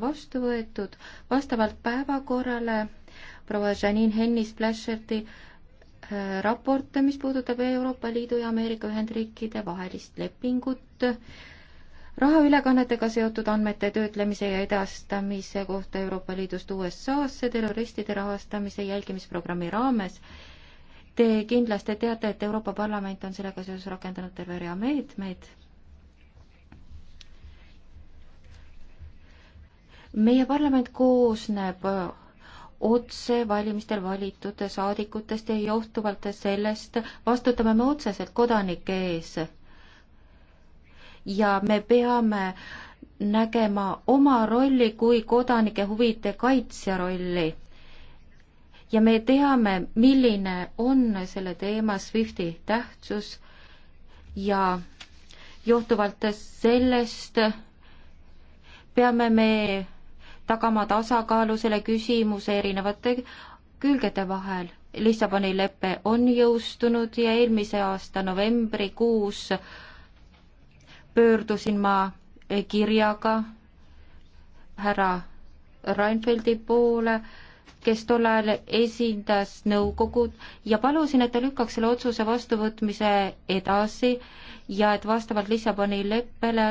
vastu võetud. vastavalt päevakorrale proua Janine Hennis-Pläscherti äh, raport, mis puudutab Euroopa Liidu ja Ameerika Ühendriikide vahelist lepingut rahaülekannetega seotud andmete töötlemise ja edastamise kohta Euroopa Liidust USA-sse terroristide rahastamise jälgimisprogrammi raames. Te kindlasti teate, et Euroopa Parlament on sellega seoses rakendanud terve rea meetmeid meet meie parlament koosneb äh, otse valimistel valitud saadikutest ja johtuvalt sellest vastutame me otseselt kodanike ees. ja me peame nägema oma rolli kui kodanike huvide kaitsja rolli. ja me teame, milline on selle teema SWIFTi tähtsus ja johtuvalt sellest peame me tagama tasakaalu selle küsimuse erinevate külgede vahel. Lissaboni lepe on jõustunud ja eelmise aasta novembrikuus pöördusin ma kirjaga härra Reinfeldti poole, kes tol ajal esindas nõukogud ja palusin, et ta lükkaks selle otsuse vastuvõtmise edasi ja et vastavalt Lissaboni leppele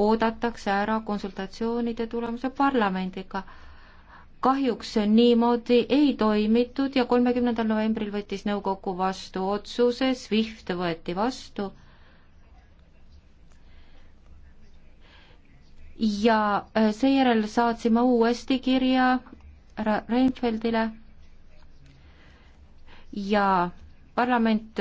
oodatakse ära konsultatsioonide tulemuse parlamendiga. kahjuks niimoodi ei toimitud ja kolmekümnendal novembril võttis nõukogu vastu otsuse, SWIFT võeti vastu ja äh, seejärel saatsime uuesti kirja Reinfeldile ja parlament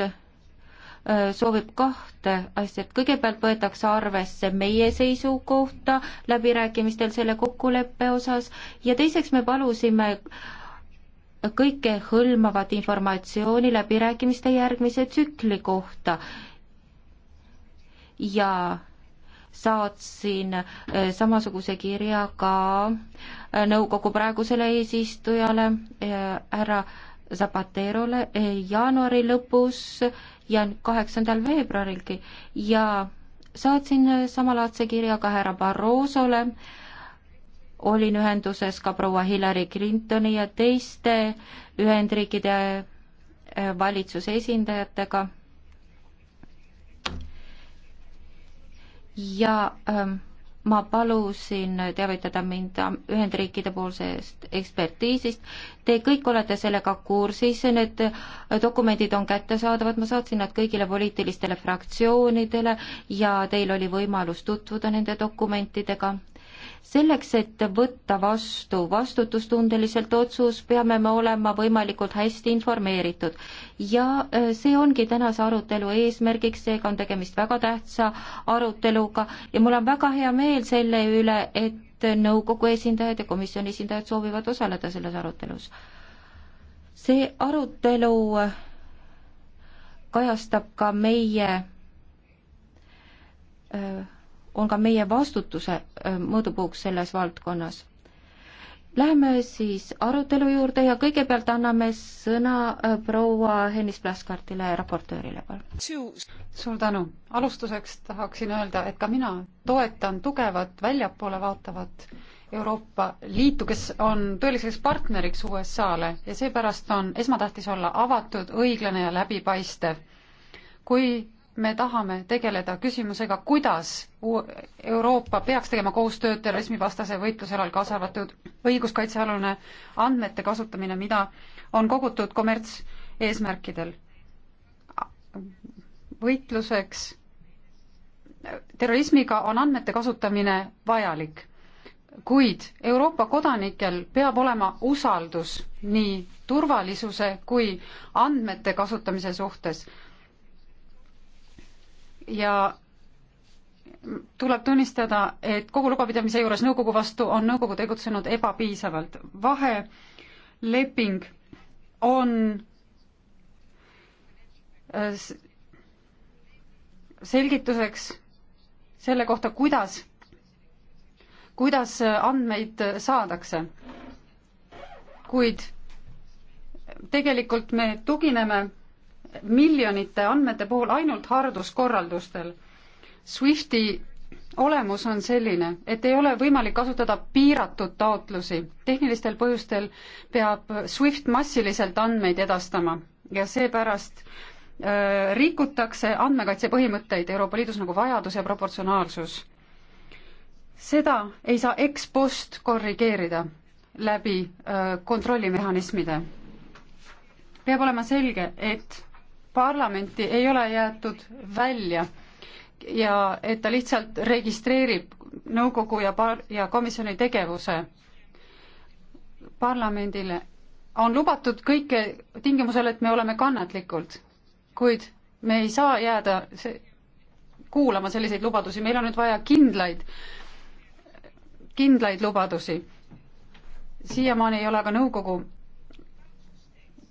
soovib kahte asja, et kõigepealt võetakse arvesse meie seisukohta läbirääkimistel selle kokkuleppe osas ja teiseks me palusime kõike hõlmavat informatsiooni läbirääkimiste järgmise tsükli kohta ja saatsin eh, samasuguse kirja ka eh, nõukogu praegusele eesistujale eh, härra äh, Zapaterole jaanuari lõpus ja kaheksandal veebruarilgi ja saatsin samalaadse kirja ka härra Barrosole, olin ühenduses ka proua Hillary Clintoni ja teiste Ühendriikide eh, valitsuse esindajatega ja ähm, ma palusin teavitada mind Ühendriikide poolsest ekspertiisist. Te kõik olete sellega kursis, need dokumendid on kättesaadavad, ma saatsin nad kõigile poliitilistele fraktsioonidele ja teil oli võimalus tutvuda nende dokumentidega selleks, et võtta vastu vastutustundeliselt otsus, peame me olema võimalikult hästi informeeritud. ja äh, see ongi tänase arutelu eesmärgiks, seega on tegemist väga tähtsa aruteluga ja mul on väga hea meel selle üle, et nõukogu esindajad ja komisjoni esindajad soovivad osaleda selles arutelus. see arutelu äh, kajastab ka meie öö, äh, on ka meie vastutuse mõõdupuuks selles valdkonnas. Läheme siis arutelu juurde ja kõigepealt anname sõna proua Hennis Plaskardile, raportöörile, palun. suur tänu. alustuseks tahaksin öelda, et ka mina toetan tugevat väljapoole vaatavat Euroopa Liitu, kes on tõeliseks partneriks USA-le ja seepärast on esmatähtis olla avatud, õiglane ja läbipaistev. kui me tahame tegeleda küsimusega, kuidas Euroopa peaks tegema koostööd terrorismivastase võitluse alal, kaasa arvatud õiguskaitsealune andmete kasutamine, mida on kogutud kommertseesmärkidel. võitluseks terrorismiga on andmete kasutamine vajalik, kuid Euroopa kodanikel peab olema usaldus nii turvalisuse kui andmete kasutamise suhtes ja tuleb tunnistada, et kogu lugupidamise juures nõukogu vastu on nõukogu tegutsenud ebapiisavalt. vaheleping on äh, selgituseks selle kohta, kuidas, kuidas andmeid saadakse. kuid tegelikult me tugineme miljonite andmete puhul ainult harduskorraldustel. SWIFTi olemus on selline, et ei ole võimalik kasutada piiratud taotlusi. tehnilistel põhjustel peab SWIFT massiliselt andmeid edastama ja seepärast äh, rikutakse andmekaitse põhimõtteid Euroopa Liidus nagu vajadus ja proportsionaalsus. seda ei saa ekspost korrigeerida läbi äh, kontrollimehhanismide. peab olema selge, et parlamenti ei ole jäetud välja ja et ta lihtsalt registreerib nõukogu ja par- ja komisjoni tegevuse parlamendile, on lubatud kõike tingimusel, et me oleme kannatlikud, kuid me ei saa jääda see, kuulama selliseid lubadusi, meil on nüüd vaja kindlaid, kindlaid lubadusi. siiamaani ei ole aga nõukogu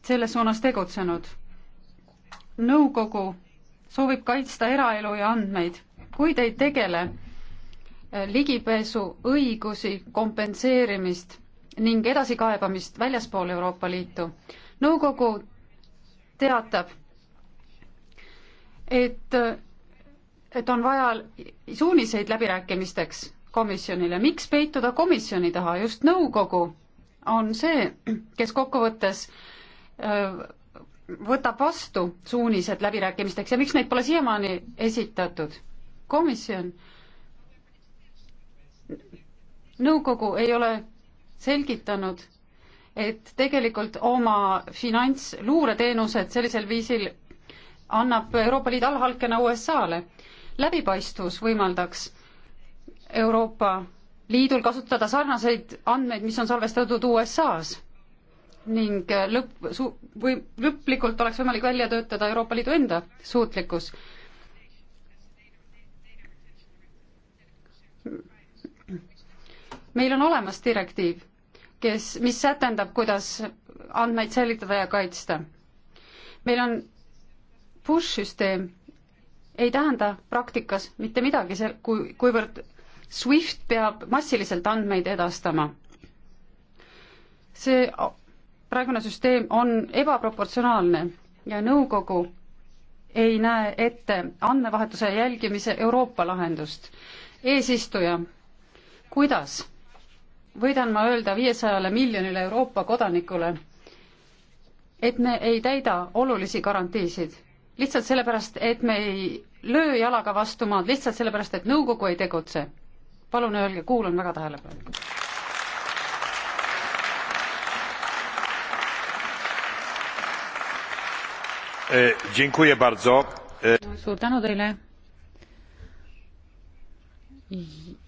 selles suunas tegutsenud nõukogu soovib kaitsta eraelu ja andmeid, kuid ei tegele eh, ligipääsu õigusi kompenseerimist ning edasikaebamist väljaspool Euroopa Liitu. nõukogu teatab, et, et on vaja suuniseid läbirääkimisteks komisjonile, miks peituda komisjoni taha, just nõukogu on see, kes kokkuvõttes öö, eh, võtab vastu suunised läbirääkimisteks ja miks neid pole siiamaani esitatud? komisjon, nõukogu ei ole selgitanud, et tegelikult oma finantsluureteenused sellisel viisil annab Euroopa Liit allhalkena USA-le. läbipaistvus võimaldaks Euroopa Liidul kasutada sarnaseid andmeid, mis on salvestatud USA-s ning lõpp, või lõplikult oleks võimalik välja töötada Euroopa Liidu enda suutlikkus. meil on olemas direktiiv, kes, mis sätendab, kuidas andmeid säilitada ja kaitsta. meil on push süsteem, ei tähenda praktikas mitte midagi, see, kui, kuivõrd SWIFT peab massiliselt andmeid edastama see praegune süsteem on ebaproportsionaalne ja nõukogu ei näe ette andmevahetuse jälgimise Euroopa lahendust. eesistuja, kuidas võidan ma öelda viiesajale miljonile Euroopa kodanikule, et me ei täida olulisi garantiisid, lihtsalt sellepärast, et me ei löö jalaga vastu maad, lihtsalt sellepärast, et nõukogu ei tegutse. palun öelge, kuulan väga tähelepanelikult. E, dziękuję bardzo. E, suur tänu teile.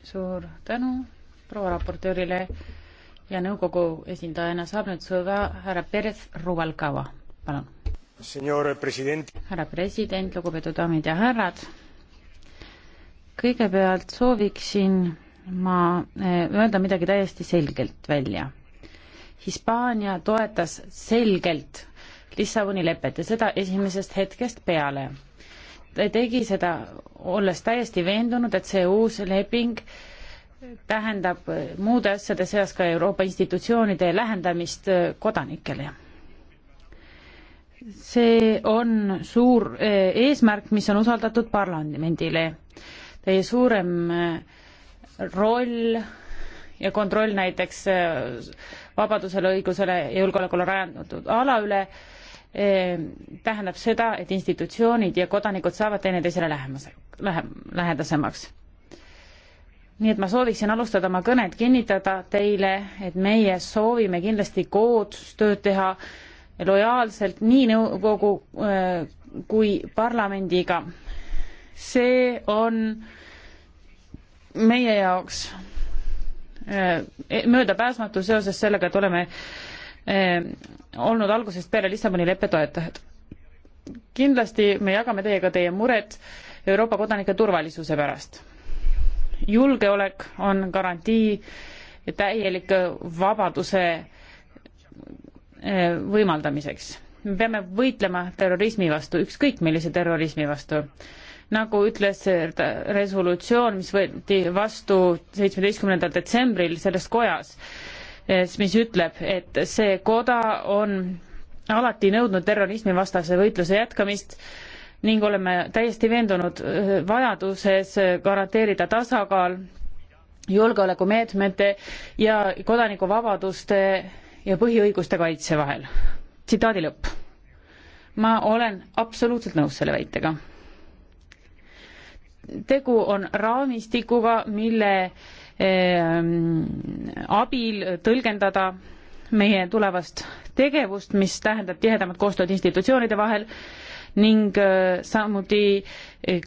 suur tänu proua raportöörile ja nõukogu esindajana saab nüüd sõna härra Perez Rubalcava, palun. härra president, lugupeetud daamid ja härrad. kõigepealt sooviksin ma e, öelda midagi täiesti selgelt välja. Hispaania toetas selgelt Lissaboni lepet ja seda esimesest hetkest peale. ta tegi seda, olles täiesti veendunud, et see uus leping tähendab muude asjade seas ka Euroopa institutsioonide lähendamist kodanikele. see on suur eh, eesmärk, mis on usaldatud parlamendile. Teie suurem eh, roll ja kontroll näiteks eh, vabadusele, õigusele ja julgeolekule rajandatud ala üle Eh, tähendab seda, et institutsioonid ja kodanikud saavad teineteisele lähemas, lähem, lähedasemaks. nii et ma sooviksin alustada oma kõnet, kinnitada teile, et meie soovime kindlasti koostööd teha lojaalselt nii nõukogu eh, kui parlamendiga. see on meie jaoks eh, möödapääsmatu seoses sellega, et oleme Eh, olnud algusest peale Lissaboni leppe toetajad. kindlasti me jagame teiega teie mured Euroopa kodanike turvalisuse pärast. julgeolek on garantii täielike vabaduse eh, võimaldamiseks. me peame võitlema terrorismi vastu, ükskõik millise terrorismi vastu. nagu ütles resolutsioon, mis võeti vastu seitsmeteistkümnendal detsembril selles kojas, mis ütleb, et see koda on alati nõudnud terrorismivastase võitluse jätkamist ning oleme täiesti veendunud äh, vajaduses garanteerida tasakaal julgeolekumeetmete ja kodanikuvabaduste ja põhiõiguste kaitse vahel. tsitaadi lõpp. ma olen absoluutselt nõus selle väitega. tegu on raamistikuga, mille Ehm, abil tõlgendada meie tulevast tegevust, mis tähendab tihedamat koostööd institutsioonide vahel ning äh, samuti eh,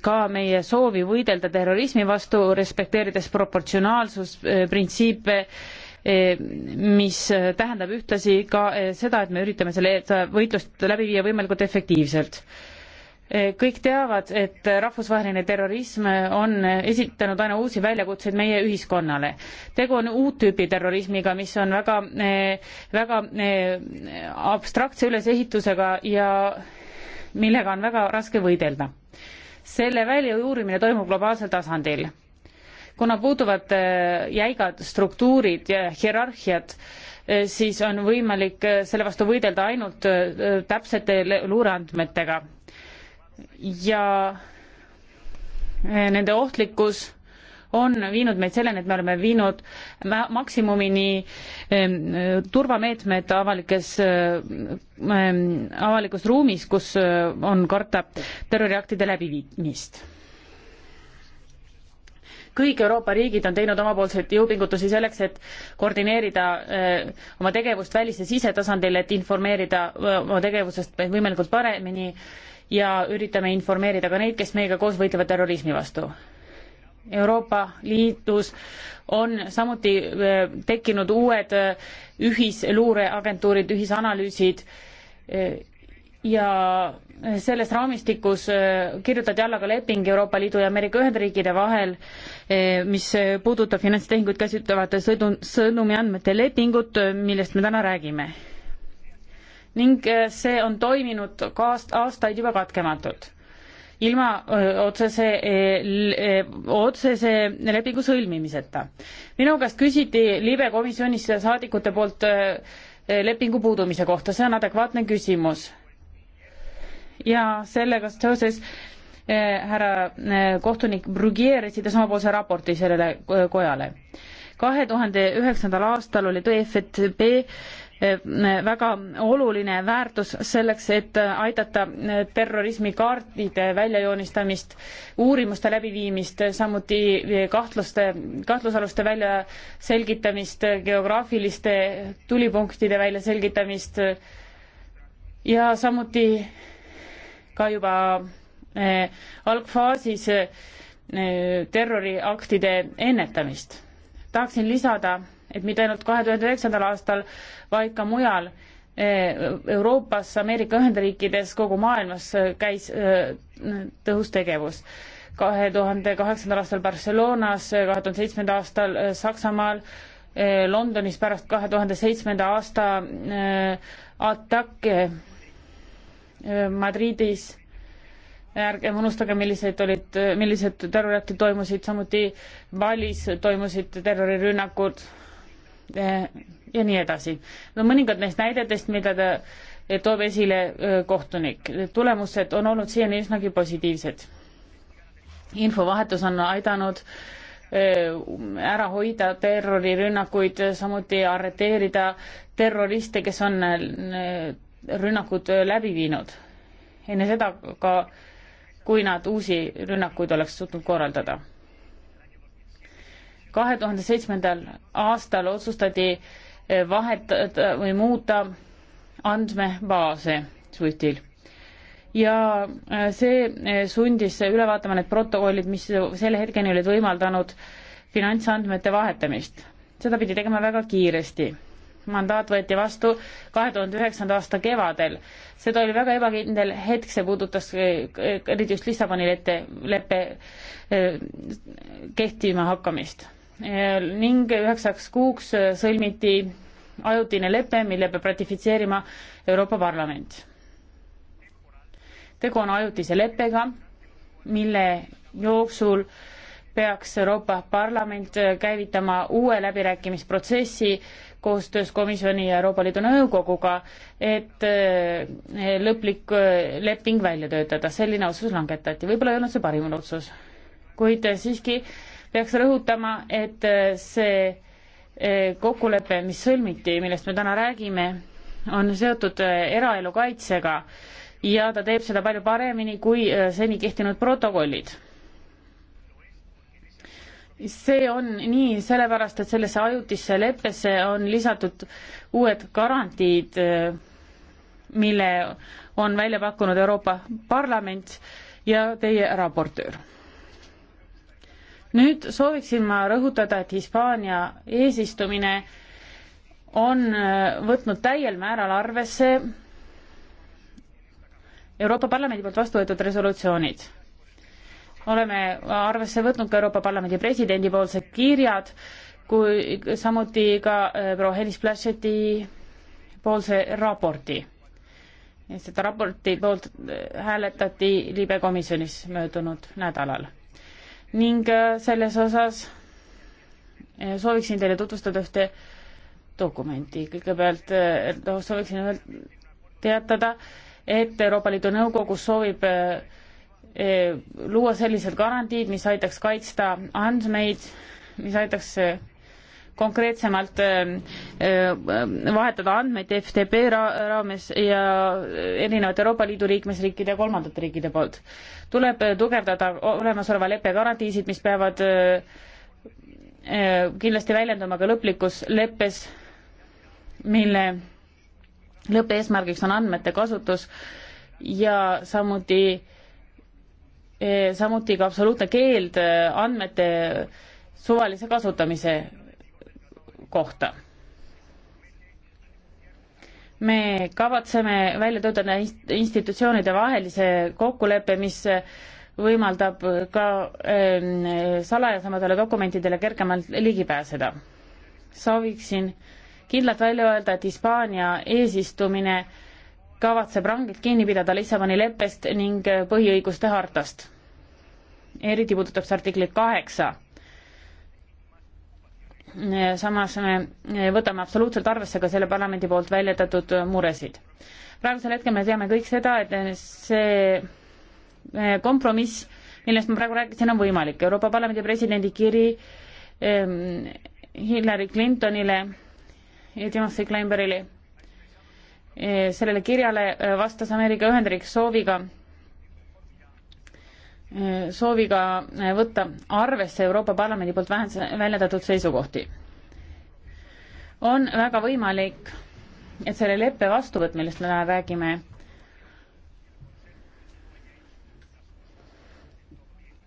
ka meie soovi võidelda terrorismi vastu, respekteerides proportsionaalsusprintsiipe, äh, eh, mis äh, tähendab ühtlasi ka eh, seda, et me üritame selle võitlust läbi viia võimalikult efektiivselt Eh, kõik teavad, et rahvusvaheline terrorism on esitanud aina uusi väljakutseid meie ühiskonnale. tegu on uut tüüpi terrorismiga, mis on väga, eh, väga eh, abstraktse ülesehitusega ja millega on väga raske võidelda. selle väljuurimine toimub globaalsel tasandil. kuna puuduvad jäigad struktuurid ja hierarhiad, siis on võimalik selle vastu võidelda ainult täpsete luureandmetega ja eh, nende ohtlikkus on viinud meid selleni, et me oleme viinud maksimumini eh, turvameetmed avalikes, eh, avalikus ruumis, kus on karta terroriaktide läbiviimist. kõik Euroopa riigid on teinud omapoolseid jõupingutusi selleks, et koordineerida oma tegevust välis- ja sisetasandil, et informeerida oma tegevusest võimalikult paremini ja üritame informeerida ka neid, kes meiega koos võitlevad terrorismi vastu. Euroopa Liidus on samuti äh, tekkinud uued äh, ühisluureagentuurid, ühisanalüüsid äh, ja selles raamistikus kirjutati alla ka leping Euroopa Liidu ja Ameerika Ühendriikide vahel, mis puudutab finantstehinguid käsitlevate sõidu, sõnumiandmete lepingut, millest me täna räägime ning äh, see on toiminud aastaid juba katkematult ilma äh, otsese, äh, otsese lepingu sõlmimiseta. minu käest küsiti libe komisjonis saadikute poolt lepingu puudumise kohta, see on adekvaatne küsimus. ja sellega seoses härra kohtunik Brugier esitas omapoolse raporti sellele kojale. kahe tuhande üheksandal aastal oli TFTP Eh, väga oluline väärtus selleks, et aidata eh, terrorismikaartide väljajoonistamist, uurimuste läbiviimist, samuti eh, kahtluste, kahtlusaluste väljaselgitamist, geograafiliste tulipunktide väljaselgitamist ja samuti ka juba algfaasis terroriaktide ennetamist. tahaksin lisada et mitte ainult kahe tuhande üheksandal aastal, vaid ka mujal eh, Euroopas, Ameerika Ühendriikides, kogu maailmas eh, käis eh, tõhus tegevus. kahe tuhande kaheksandal aastal Barcelonas, kahe tuhande seitsmendal aastal Saksamaal, Londonis pärast kahe tuhande seitsmenda aasta atakke Madridis ärgem unustage, millised olid, millised terroriaktid toimusid, samuti Balis toimusid terrorirünnakud ja nii edasi. no mõningad neist näidetest, mida ta eh, toob esile eh, kohtunik. tulemused on olnud siiani üsnagi positiivsed. infovahetus on aidanud eh, ära hoida terrorirünnakuid, samuti arreteerida terroriste, kes on rünnakud läbi viinud. enne seda ka, kui nad uusi rünnakuid oleks suutnud korraldada kahe tuhande seitsmendal aastal otsustati eh, vahetada eh, või muuta andmebaase SWIFTil. ja eh, see sundis üle vaatama need protokollid, mis selle hetkeni olid võimaldanud finantsandmete vahetamist. seda pidi tegema väga kiiresti. mandaat võeti vastu kahe tuhande üheksanda aasta kevadel. seda oli väga ebakindel hetk, see puudutas eriti just Lissaboni leppe kehtima hakkamist Äh, ning üheksaks kuuks äh, sõlmiti ajutine lepe, mille peab ratifitseerima Euroopa Parlament. tegu on ajutise leppega, mille jooksul peaks Euroopa Parlament äh, käivitama uue läbirääkimisprotsessi koostöös komisjoni ja Euroopa Liidu Nõukoguga, et lõplik leping välja töötada. selline otsus langetati, võib-olla ei olnud see parim otsus kuid siiski peaks rõhutama, et eh, see eh, kokkulepe, mis sõlmiti, millest me täna räägime, on seotud eh, eraelu kaitsega ja ta teeb seda palju paremini kui seni kehtinud protokollid. see on nii sellepärast, et sellesse ajutisse leppesse on lisatud uued garantiid, mille on välja pakkunud Euroopa Parlament ja teie raportöör nüüd sooviksin ma rõhutada, et Hispaania eesistumine on äh, võtnud täiel määral arvesse Euroopa Parlamendi poolt vastu võetud resolutsioonid. oleme arvesse võtnud ka Euroopa Parlamendi presidendi poolsed kirjad, kui samuti ka äh, proua Helis Plascheti poolse raporti. seda raporti poolt äh, hääletati libekomisjonis möödunud nädalal ning äh, selles osas äh, sooviksin teile tutvustada ühte dokumenti. kõigepealt äh, noh, sooviksin öelt, teatada, et Euroopa Liidu Nõukogus soovib luua sellised garantiid, mis aitaks kaitsta andmeid, mis aitaks konkreetsemalt ähm, äh, vahetada andmeid FTP ra raames ja erinevate Euroopa Liidu liikmesriikide ja kolmandate riikide poolt. tuleb äh, tugevdada olemasoleva leppe garantiisid, mis peavad äh, kindlasti väljenduma ka lõplikus leppes, mille lõppeesmärgiks on andmete kasutus ja samuti, samuti ka absoluutne keeld andmete suvalise kasutamise kohta. me kavatseme välja töötada institutsioonide vahelise kokkuleppe, mis võimaldab ka ähm, salajasematele dokumentidele kergemalt ligi pääseda. sooviksin kindlalt välja öelda, et Hispaania eesistumine kavatseb rangelt kinni pidada Lissaboni leppest ning põhiõiguste hartast. eriti puudutab see artiklit kaheksa samas me e, võtame absoluutselt arvesse ka selle parlamendi poolt väljendatud muresid. praegusel hetkel me teame kõik seda, et see e, kompromiss, millest ma praegu rääkisin, on võimalik. Euroopa Parlamendi presidendi kiri e, Hillary Clintonile ja Timothy Kleinberile, sellele kirjale vastas Ameerika Ühendriik sooviga sooviga äh, võtta arvesse Euroopa Parlamendi poolt väljendatud seisukohti. on väga võimalik, et selle leppe vastuvõtt, millest me täna räägime,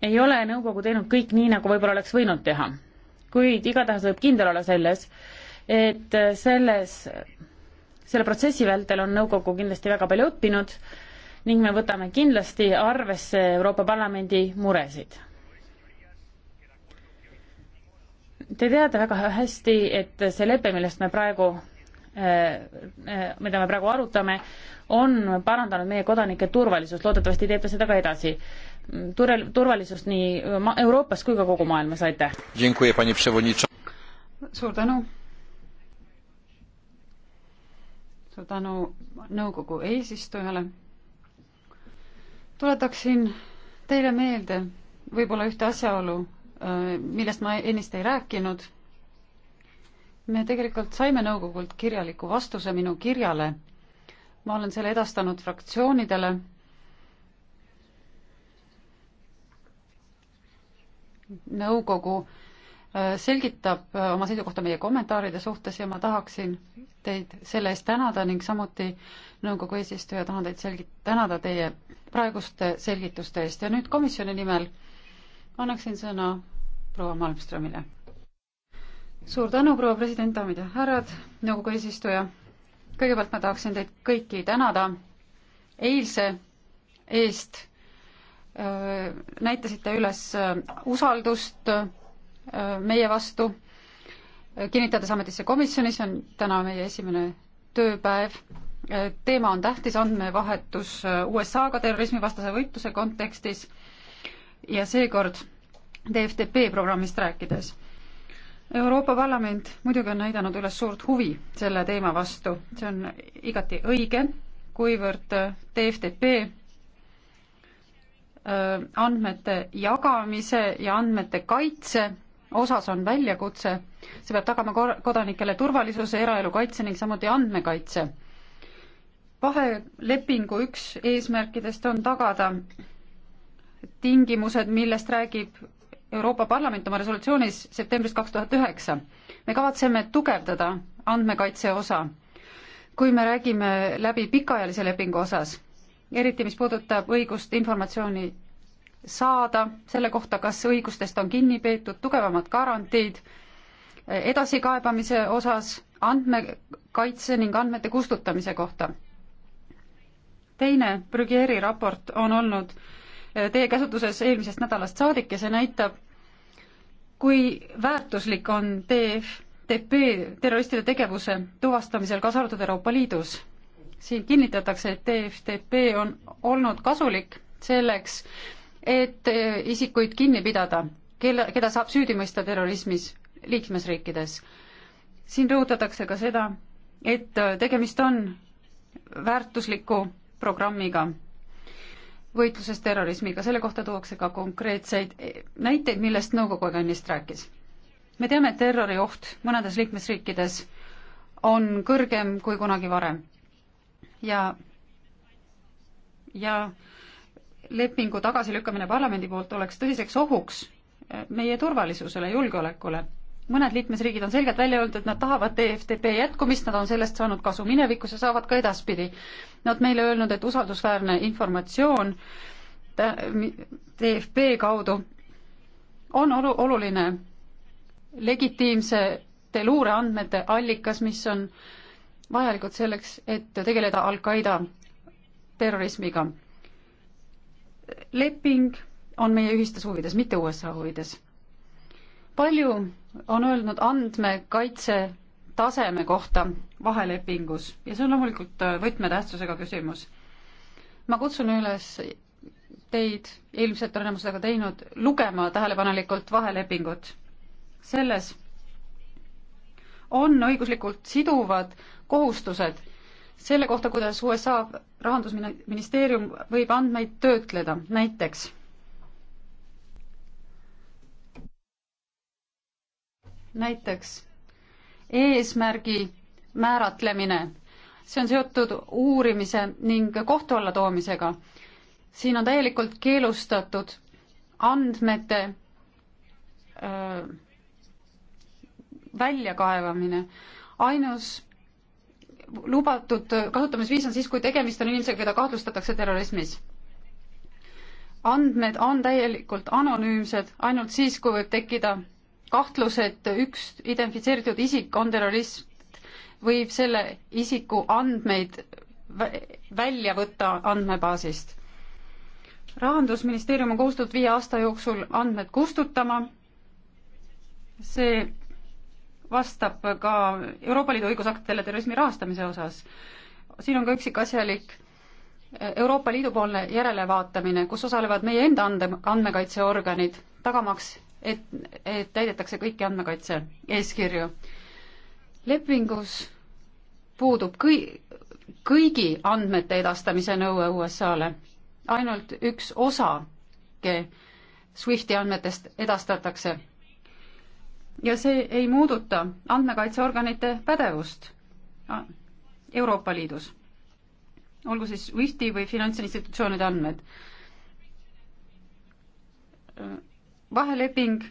ei ole nõukogu teinud kõik nii, nagu võib-olla oleks võinud teha. kuid igatahes võib kindel olla selles, et selles, selle protsessi vältel on nõukogu kindlasti väga palju õppinud ning me võtame kindlasti arvesse Euroopa Parlamendi muresid. Te teate väga hästi, et see lepe, millest me praegu, äh, äh, mida me praegu arutame, on parandanud meie kodanike turvalisust, loodetavasti teeb ta seda ka edasi. Turel-, turvalisust nii Euroopas kui ka kogu maailmas, aitäh! suur tänu! suur tänu nõukogu eesistujale tuletaksin teile meelde võib-olla ühte asjaolu, äh, millest ma ennist ei rääkinud. me tegelikult saime nõukogult kirjaliku vastuse minu kirjale. ma olen selle edastanud fraktsioonidele. nõukogu äh, selgitab äh, oma seisukohta meie kommentaaride suhtes ja ma tahaksin teid selle eest tänada ning samuti äh, nõukogu eesistuja, tahan teid selgit-, tänada teie praeguste selgituste eest ja nüüd komisjoni nimel annaksin sõna proua Malmströmile. suur tänu, proua president, daamid ja härrad, nõukogu eesistuja. kõigepealt ma tahaksin teid kõiki tänada eilse eest näitasite üles äh, usaldust äh, meie vastu, kinnitades ametisse komisjoni, see on täna meie esimene tööpäev teema on tähtis, andmevahetus USA-ga terrorismivastase võitluse kontekstis ja seekord DFDP programmist rääkides. Euroopa Parlament muidugi on näidanud üles suurt huvi selle teema vastu, see on igati õige, kuivõrd DFDP äh, andmete jagamise ja andmete kaitse osas on väljakutse, see peab tagama kodanikele turvalisuse, eraelu kaitse ning samuti andmekaitse vahelepingu üks eesmärkidest on tagada tingimused, millest räägib Euroopa Parlament oma resolutsioonis septembris kaks tuhat üheksa. me kavatseme tugevdada andmekaitse osa, kui me räägime läbi pikaajalise lepingu osas, eriti mis puudutab õigust informatsiooni saada, selle kohta, kas õigustest on kinni peetud, tugevamad garantiid edasikaebamise osas, andmekaitse ning andmete kustutamise kohta teine Brügeri raport on olnud eh, teie käsutuses eelmisest nädalast saadik ja see näitab, kui väärtuslik on TFTP terroristide tegevuse tuvastamisel, kaasa arvatud Euroopa Liidus. siin kinnitatakse, et TFTP on olnud kasulik selleks, et eh, isikuid kinni pidada, kelle, keda saab süüdi mõista terrorismis liikmesriikides. siin rõhutatakse ka seda, et eh, tegemist on väärtusliku programmiga võitluses terrorismiga, selle kohta tuuakse ka konkreetseid näiteid, millest nõukogu ennist rääkis. me teame, et terrorioht mõnedes liikmesriikides on kõrgem kui kunagi varem ja, ja lepingu tagasilükkamine parlamendi poolt oleks tõsiseks ohuks meie turvalisusele, julgeolekule mõned liikmesriigid on selgelt välja öelnud, et nad tahavad EFTP jätkumist, nad on sellest saanud kasu minevikus ja saavad ka edaspidi. Nad meile öelnud, et usaldusväärne informatsioon EFP kaudu on olu-, oluline legitiimsete luureandmete allikas, mis on vajalikud selleks, et tegeleda Al-Qaeda terrorismiga. leping on meie ühistes huvides, mitte USA huvides. palju on öelnud andmekaitse taseme kohta vahelepingus ja see on loomulikult äh, võtmetähtsusega küsimus. ma kutsun üles teid, ilmselt on enamus seda ka teinud, lugema tähelepanelikult vahelepingut. selles on õiguslikult siduvad kohustused selle kohta, kuidas USA rahandusministeerium võib andmeid töötleda, näiteks näiteks eesmärgi määratlemine, see on seotud uurimise ning kohtu alla toomisega. siin on täielikult keelustatud andmete öö, väljakaevamine. ainus lubatud kasutamisviis on siis, kui tegemist on inimesega, keda kahtlustatakse terrorismis. andmed on täielikult anonüümsed, ainult siis, kui võib tekkida kahtlus, et üks identifitseeritud isik on terrorist, võib selle isiku andmeid välja võtta andmebaasist. rahandusministeerium on kohustatud viie aasta jooksul andmed kustutama, see vastab ka Euroopa Liidu õigusaktidele terrorismi rahastamise osas. siin on ka üksikasjalik eh, Euroopa Liidu poolne järelevaatamine, kus osalevad meie enda ande, andmekaitseorganid, tagamaks et, et täidetakse kõiki andmekaitse eeskirju. lepingus puudub kõi-, kõigi andmete edastamise nõue USA-le. ainult üks osake SWIFTi andmetest edastatakse. ja see ei muuduta andmekaitseorganite pädevust Euroopa Liidus, olgu siis SWIFTi või finantsinstitutsioonide andmed vahelepingu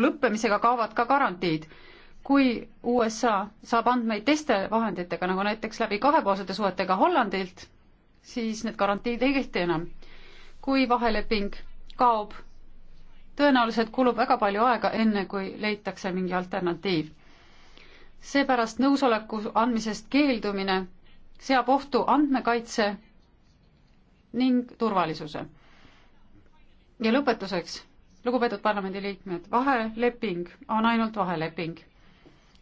lõppemisega kaovad ka garantiid. kui USA saab andmeid teiste vahenditega, nagu näiteks läbi kahepoolsete suhetega Hollandilt, siis need garantiid ei kehti enam. kui vaheleping kaob, tõenäoliselt kulub väga palju aega, enne kui leitakse mingi alternatiiv. seepärast nõusoleku andmisest keeldumine seab ohtu andmekaitse ning turvalisuse ja lõpetuseks, lugupeetud parlamendiliikmed, vaheleping on ainult vaheleping.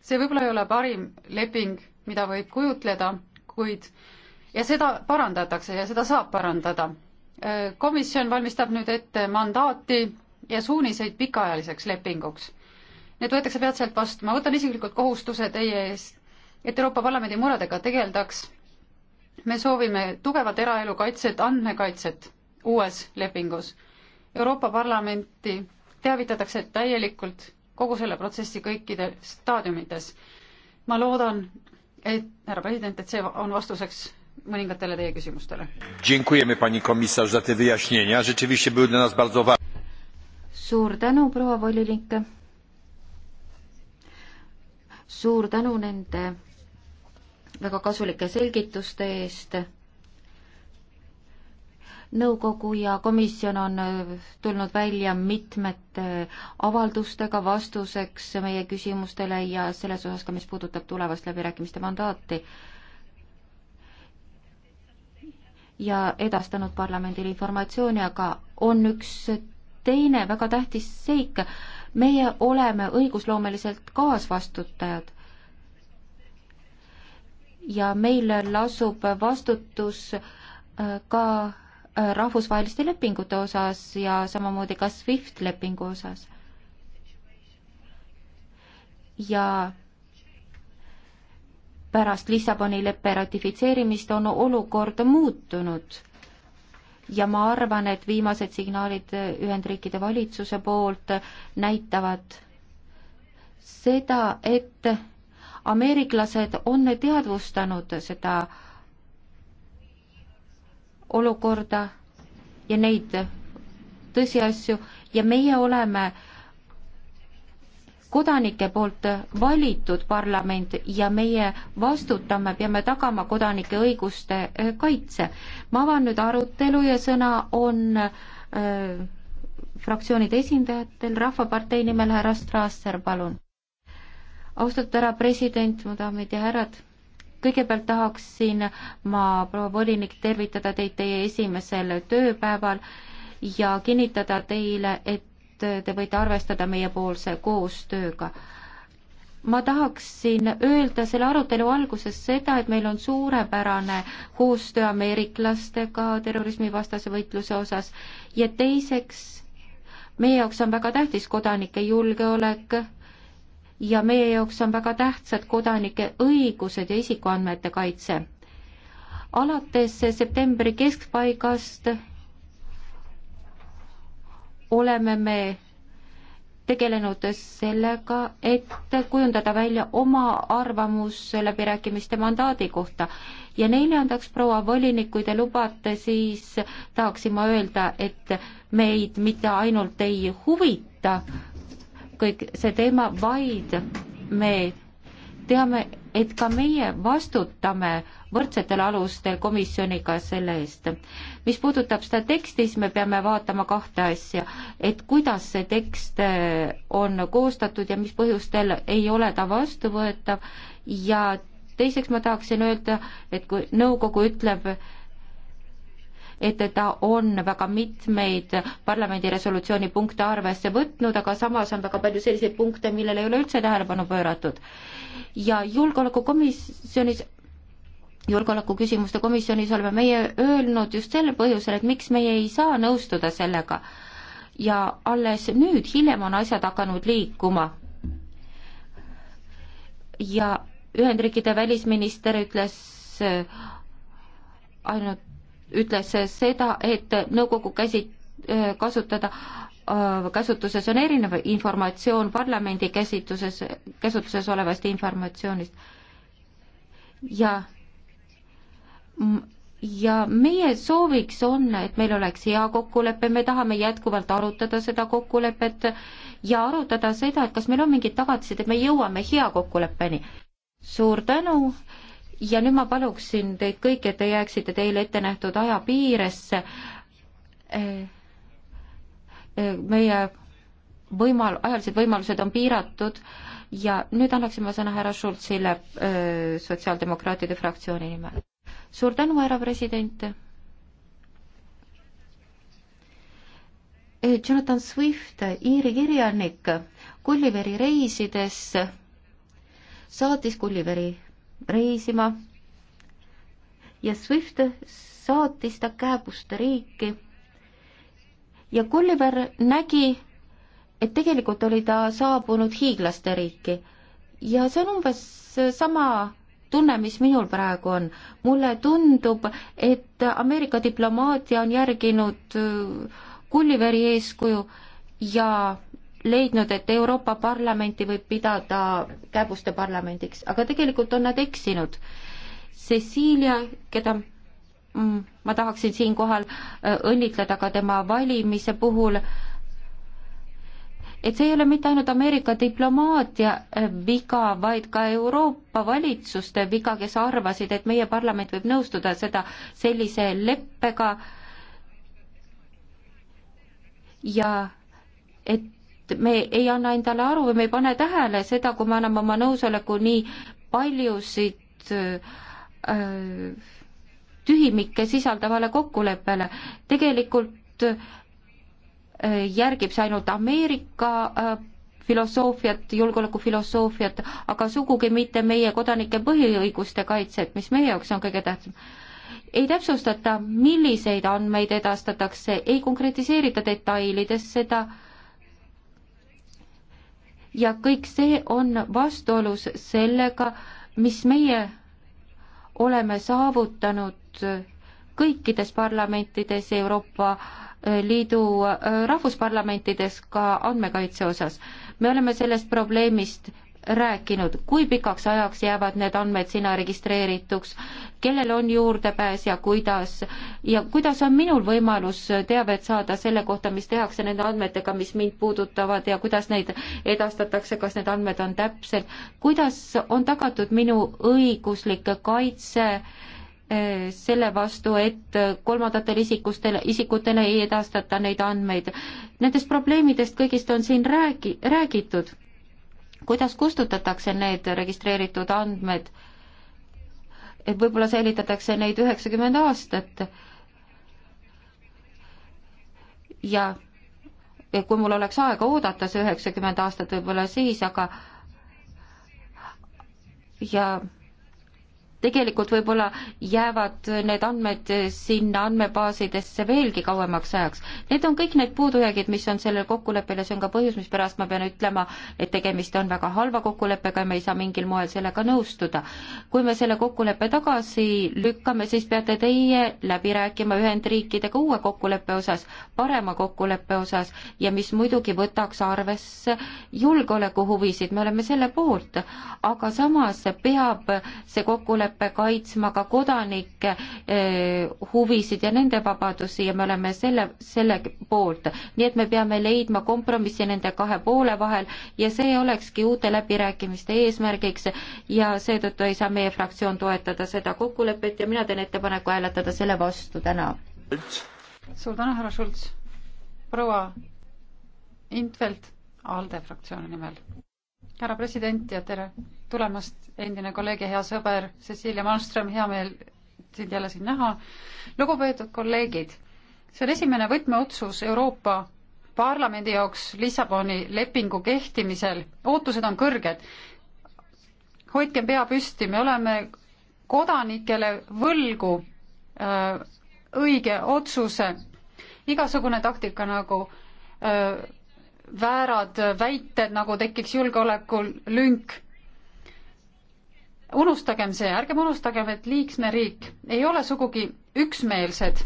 see võib-olla ei ole parim leping, mida võib kujutleda, kuid ja seda parandatakse ja seda saab parandada. Äh, komisjon valmistab nüüd ette mandaati ja suuniseid pikaajaliseks lepinguks. Need võetakse peatselt vastu, ma võtan isiklikult kohustuse teie eest, et Euroopa Parlamendi muredega tegeldaks. me soovime tugevat eraelu kaitset, andmekaitset uues lepingus Euroopa Parlamenti teavitatakse täielikult kogu selle protsessi kõikide staadiumites. ma loodan, et härra president, et see on vastuseks mõningatele teie küsimustele. suur tänu, proua volinik. suur tänu nende väga kasulike selgituste eest nõukogu ja komisjon on äh, tulnud välja mitmete äh, avaldustega vastuseks meie küsimustele ja selles osas ka, mis puudutab tulevast läbirääkimiste mandaati. ja edastanud parlamendile informatsiooni, aga on üks teine väga tähtis seik, meie oleme õigusloomeliselt kaasvastutajad ja meil lasub vastutus äh, ka rahvusvaheliste lepingute osas ja samamoodi ka SWIFT lepingu osas. ja pärast Lissaboni leppe ratifitseerimist on olukord muutunud ja ma arvan, et viimased signaalid Ühendriikide valitsuse poolt näitavad seda, et ameeriklased on teadvustanud seda äh, olukorda ja neid tõsiasju ja meie oleme kodanike poolt valitud parlament ja meie vastutame, peame tagama kodanike õiguste äh, kaitse. ma avan nüüd arutelu ja sõna on äh, fraktsioonide esindajatel, Rahvapartei nimel härra Strasser, palun. austatud härra president, mu daamid ja härrad kõigepealt tahaksin ma, proua volinik, tervitada teid teie esimesel tööpäeval ja kinnitada teile, et te võite arvestada meiepoolse koostööga. ma tahaksin öelda selle arutelu alguses seda, et meil on suurepärane koostöö ameeriklastega terrorismivastase võitluse osas ja teiseks, meie jaoks on väga tähtis kodanike julgeolek ja meie jaoks on väga tähtsad kodanike õigused ja isikuandmete kaitse. alates septembri keskpaigast oleme me tegelenud sellega, et kujundada välja oma arvamus läbirääkimiste mandaadi kohta. ja neljandaks, proua volinik, kui te lubate, siis tahaksin ma öelda, et meid mitte ainult ei huvita kõik see teema, vaid me teame, et ka meie vastutame võrdsetel alustel komisjoniga selle eest. mis puudutab seda teksti, siis me peame vaatama kahte asja, et kuidas see tekst eh, on koostatud ja mis põhjustel ei ole ta vastuvõetav ja teiseks ma tahaksin öelda, et kui nõukogu ütleb, et ta on väga mitmeid parlamendi resolutsiooni punkte arvesse võtnud, aga samas on väga palju selliseid punkte, millele ei ole üldse tähelepanu pööratud. ja julgeolekukomisjonis julgeolekuküsimuste komisjonis oleme meie öelnud just sel põhjusel, et miks meie ei saa nõustuda sellega. ja alles nüüd, hiljem on asjad hakanud liikuma. ja Ühendriikide välisminister ütles äh, ainult ütles seda, et nõukogu käsi, äh, kasutada äh, käsutuses on erinev informatsioon parlamendi käsitluses, käsutuses olevast informatsioonist. ja, ja meie sooviks on, et meil oleks hea kokkulepe, me tahame jätkuvalt arutada seda kokkulepet ja arutada seda, et kas meil on mingid tagatised, et me jõuame hea kokkuleppeni. suur tänu ja nüüd ma paluksin teid kõiki, et te jääksite teile ette nähtud aja piiresse. Äh, äh, meie võimal-, ajalised võimalused on piiratud ja nüüd annaksin ma sõna härra Schultzile äh, Sotsiaaldemokraatide fraktsiooni nimel. suur tänu, härra president. Jonathan Swift, Iiri kirjanik, Gulliveri reisides saatis Gulliveri reisima ja Swift saatis ta kääbuste riiki. ja Gulliver nägi, et tegelikult oli ta saabunud hiiglaste riiki ja see on umbes sama tunne, mis minul praegu on. mulle tundub, et Ameerika diplomaatia on järginud äh, Gulliveri eeskuju ja leidnud, et Euroopa Parlamenti võib pidada käbuste parlamendiks, aga tegelikult on nad eksinud. Cecilia, keda mm, ma tahaksin siinkohal äh, õnnitleda ka tema valimise puhul, et see ei ole mitte ainult Ameerika diplomaatia äh, viga, vaid ka Euroopa valitsuste viga, kes arvasid, et meie parlament võib nõustuda seda sellise leppega ja et et me ei anna endale aru või me ei pane tähele seda, kui me anname oma nõusoleku nii paljusid äh, tühimikke sisaldavale kokkuleppele. tegelikult äh, järgib see ainult Ameerika äh, filosoofiat, julgeolekufilosoofiat, aga sugugi mitte meie kodanike põhiõiguste kaitset, mis meie jaoks on kõige tähtsam. ei täpsustata, milliseid andmeid edastatakse, ei konkretiseerita detailides seda äh,, ja kõik see on vastuolus sellega, mis meie oleme saavutanud kõikides parlamentides Euroopa eh, Liidu eh, rahvusparlamentides ka andmekaitse osas. me oleme sellest probleemist rääkinud, kui pikaks ajaks jäävad need andmed sina registreerituks, kellel on juurdepääs ja kuidas ja kuidas on minul võimalus teavet saada selle kohta, mis tehakse nende andmetega, mis mind puudutavad ja kuidas neid edastatakse, kas need andmed on täpsed, kuidas on tagatud minu õiguslik kaitse eh, selle vastu, et kolmandatele isikustele, isikutele ei edastata neid andmeid. Nendest probleemidest kõigist on siin räägi, räägitud kuidas kustutatakse need registreeritud andmed? et võib-olla säilitatakse neid üheksakümmend aastat. ja kui mul oleks aega oodata see üheksakümmend aastat võib-olla siis, aga ja tegelikult võib-olla jäävad need andmed sinna andmebaasidesse veelgi kauemaks ajaks. Need on kõik need puudujäägid, mis on sellel kokkuleppel ja see on ka põhjus, mispärast ma pean ütlema, et tegemist on väga halva kokkuleppega ja me ei saa mingil moel sellega nõustuda. kui me selle kokkuleppe tagasi lükkame, siis peate teie läbi rääkima Ühendriikidega uue kokkuleppe osas, parema kokkuleppe osas ja mis muidugi võtaks arvesse julgeolekuhuvisid, me oleme selle poolt, aga samas peab see kokkulepe tuleb kaitsma ka kodanike eh, huvisid ja nende vabadusi ja me oleme selle, selle poolt. nii et me peame leidma kompromissi nende kahe poole vahel ja see olekski uute läbirääkimiste eesmärgiks ja seetõttu ei saa meie fraktsioon toetada seda kokkulepet ja mina teen ettepaneku hääletada selle vastu täna. suur tänu, härra Schultz. proua Intvelt ALDE fraktsiooni nimel. härra president ja tere tulemast, endine kolleeg ja hea sõber Cecilia Malmström, hea meel sind jälle siin näha. lugupeetud kolleegid, see on esimene võtmeotsus Euroopa Parlamendi jaoks Lissaboni lepingu kehtimisel, ootused on kõrged. hoidkem pea püsti, me oleme kodanikele võlgu öö, äh, õige otsuse, igasugune taktika nagu öö, äh, väärad väited, nagu tekiks julgeolekul lünk unustagem see, ärgem unustagem, et liikmeriik ei ole sugugi üksmeelsed.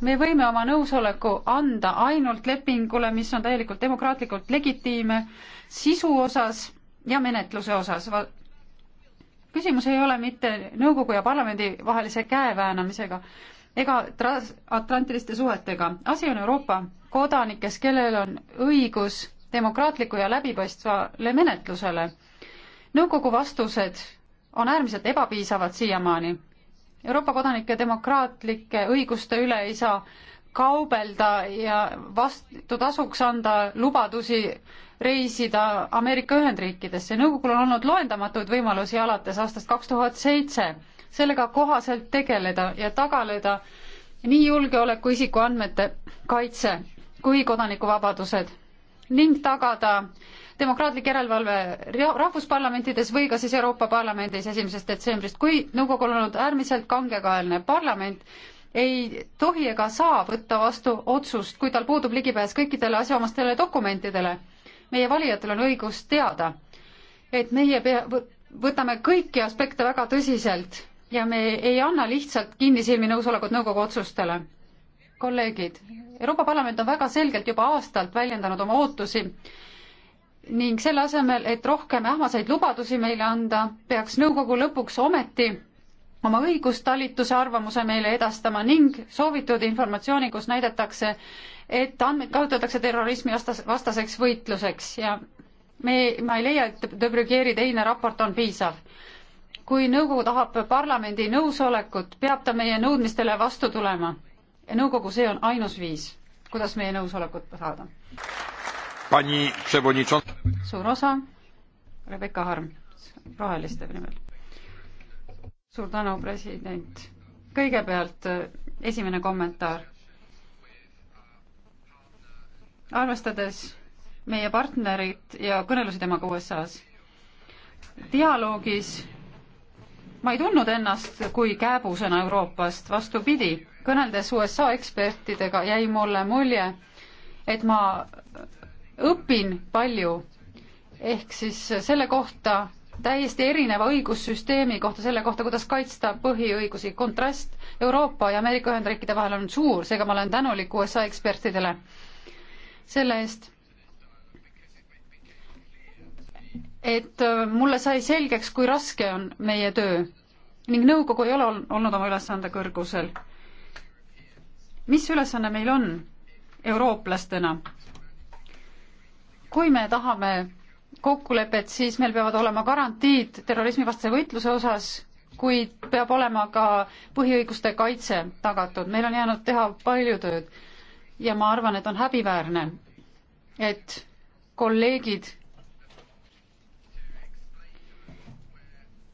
me võime oma nõusoleku anda ainult lepingule, mis on täielikult demokraatlikult legitiimne sisu osas ja menetluse osas. küsimus ei ole mitte nõukogu ja parlamendi vahelise käeväänamisega ega transatlantiliste suhetega. asi on Euroopa kodanikes, kellel on õigus demokraatliku ja läbipaistvale menetlusele. nõukogu vastused on äärmiselt ebapiisavad siiamaani. Euroopa kodanike demokraatlike õiguste üle ei saa kaubelda ja vastu tasuks anda lubadusi reisida Ameerika Ühendriikidesse. nõukogul on olnud loendamatuid võimalusi alates aastast kaks tuhat seitse sellega kohaselt tegeleda ja tagaleda nii julgeoleku isikuandmete kaitse kui kodanikuvabadused ning tagada demokraatlik järelevalve rahvusparlamentides või ka siis Euroopa Parlamendis esimesest detsembrist, kui nõukogul on olnud äärmiselt kangekaelne parlament, ei tohi ega saa võtta vastu otsust, kui tal puudub ligipääs kõikidele asjaomastele dokumentidele. meie valijatel on õigus teada, et meie pea, võtame kõiki aspekte väga tõsiselt ja me ei anna lihtsalt kinnisilmi nõusolekut nõukogu otsustele. kolleegid, Euroopa Parlament on väga selgelt juba aastalt väljendanud oma ootusi ning selle asemel, et rohkem ähmaseid lubadusi meile anda, peaks nõukogu lõpuks ometi oma õigustalituse arvamuse meile edastama ning soovitud informatsiooni, kus näidatakse, et andmeid kasutatakse terrorismi vastas, vastaseks võitluseks ja me, ma ei leia, et De Bruguieri teine raport on piisav. kui nõukogu tahab parlamendi nõusolekut, peab ta meie nõudmistele vastu tulema. nõukogu, see on ainus viis, kuidas meie nõusolekut saada pani przewodnicząca. suur osa, Rebecca Harms, Roheliste nimel. suur tänu, president. kõigepealt eh, esimene kommentaar. arvestades meie partnerit ja kõnelusi temaga USA-s, dialoogis ma ei tundnud ennast kui kääbusena Euroopast, vastupidi, kõneldes USA ekspertidega jäi mulle mulje, et ma õpin palju, ehk siis selle kohta, täiesti erineva õigussüsteemi kohta, selle kohta, kuidas kaitsta põhiõigusi. kontrast Euroopa ja Ameerika Ühendriikide vahel on suur, seega ma olen tänulik USA ekspertidele selle eest, et äh, mulle sai selgeks, kui raske on meie töö ning nõukogu ei ole olnud oma ülesande kõrgusel. mis ülesanne meil on eurooplastena? kui me tahame kokkulepet, siis meil peavad olema garantiid terrorismivastase võitluse osas, kuid peab olema ka põhiõiguste kaitse tagatud. meil on jäänud teha palju tööd ja ma arvan, et on häbiväärne, et kolleegid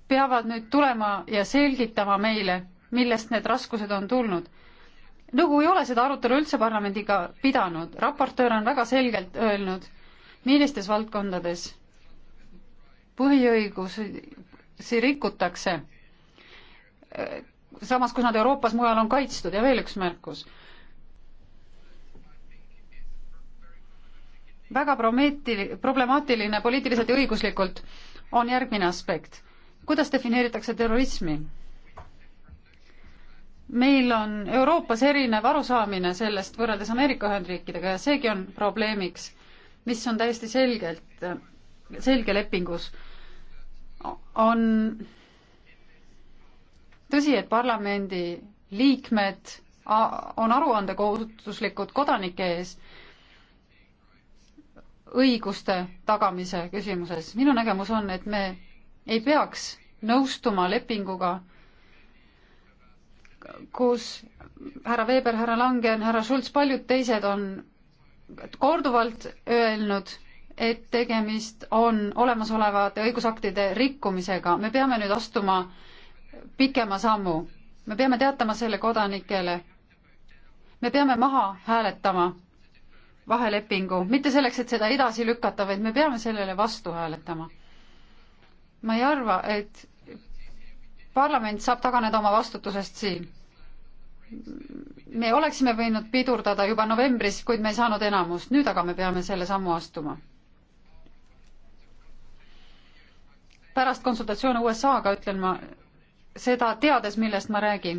peavad nüüd tulema ja selgitama meile, millest need raskused on tulnud. nõukogu ei ole seda arutelu üldse parlamendiga pidanud, raportöör on väga selgelt öelnud millistes valdkondades põhiõigusi rikutakse, samas kui nad Euroopas mujal on kaitstud ja veel üks märkus. väga promeeti-, problemaatiline poliitiliselt ja õiguslikult on järgmine aspekt. kuidas defineeritakse terrorismi? meil on Euroopas erinev arusaamine sellest võrreldes Ameerika Ühendriikidega ja seegi on probleemiks mis on täiesti selgelt, selge lepingus, on tõsi, et parlamendi liikmed on aruandekohustuslikud kodanike ees õiguste tagamise küsimuses. minu nägemus on, et me ei peaks nõustuma lepinguga, kus härra Weber, härra Langen, härra Schulz, paljud teised on korduvalt öelnud, et tegemist on olemasolevate õigusaktide rikkumisega, me peame nüüd astuma pikema sammu. me peame teatama selle kodanikele. me peame maha hääletama vahelepingu, mitte selleks, et seda edasi lükata, vaid me peame sellele vastu hääletama. ma ei arva, et parlament saab taganeda oma vastutusest siin me oleksime võinud pidurdada juba novembris, kuid me ei saanud enamust, nüüd aga me peame selle sammu astuma. pärast konsultatsioone USA-ga ütlen ma seda teades, millest ma räägin.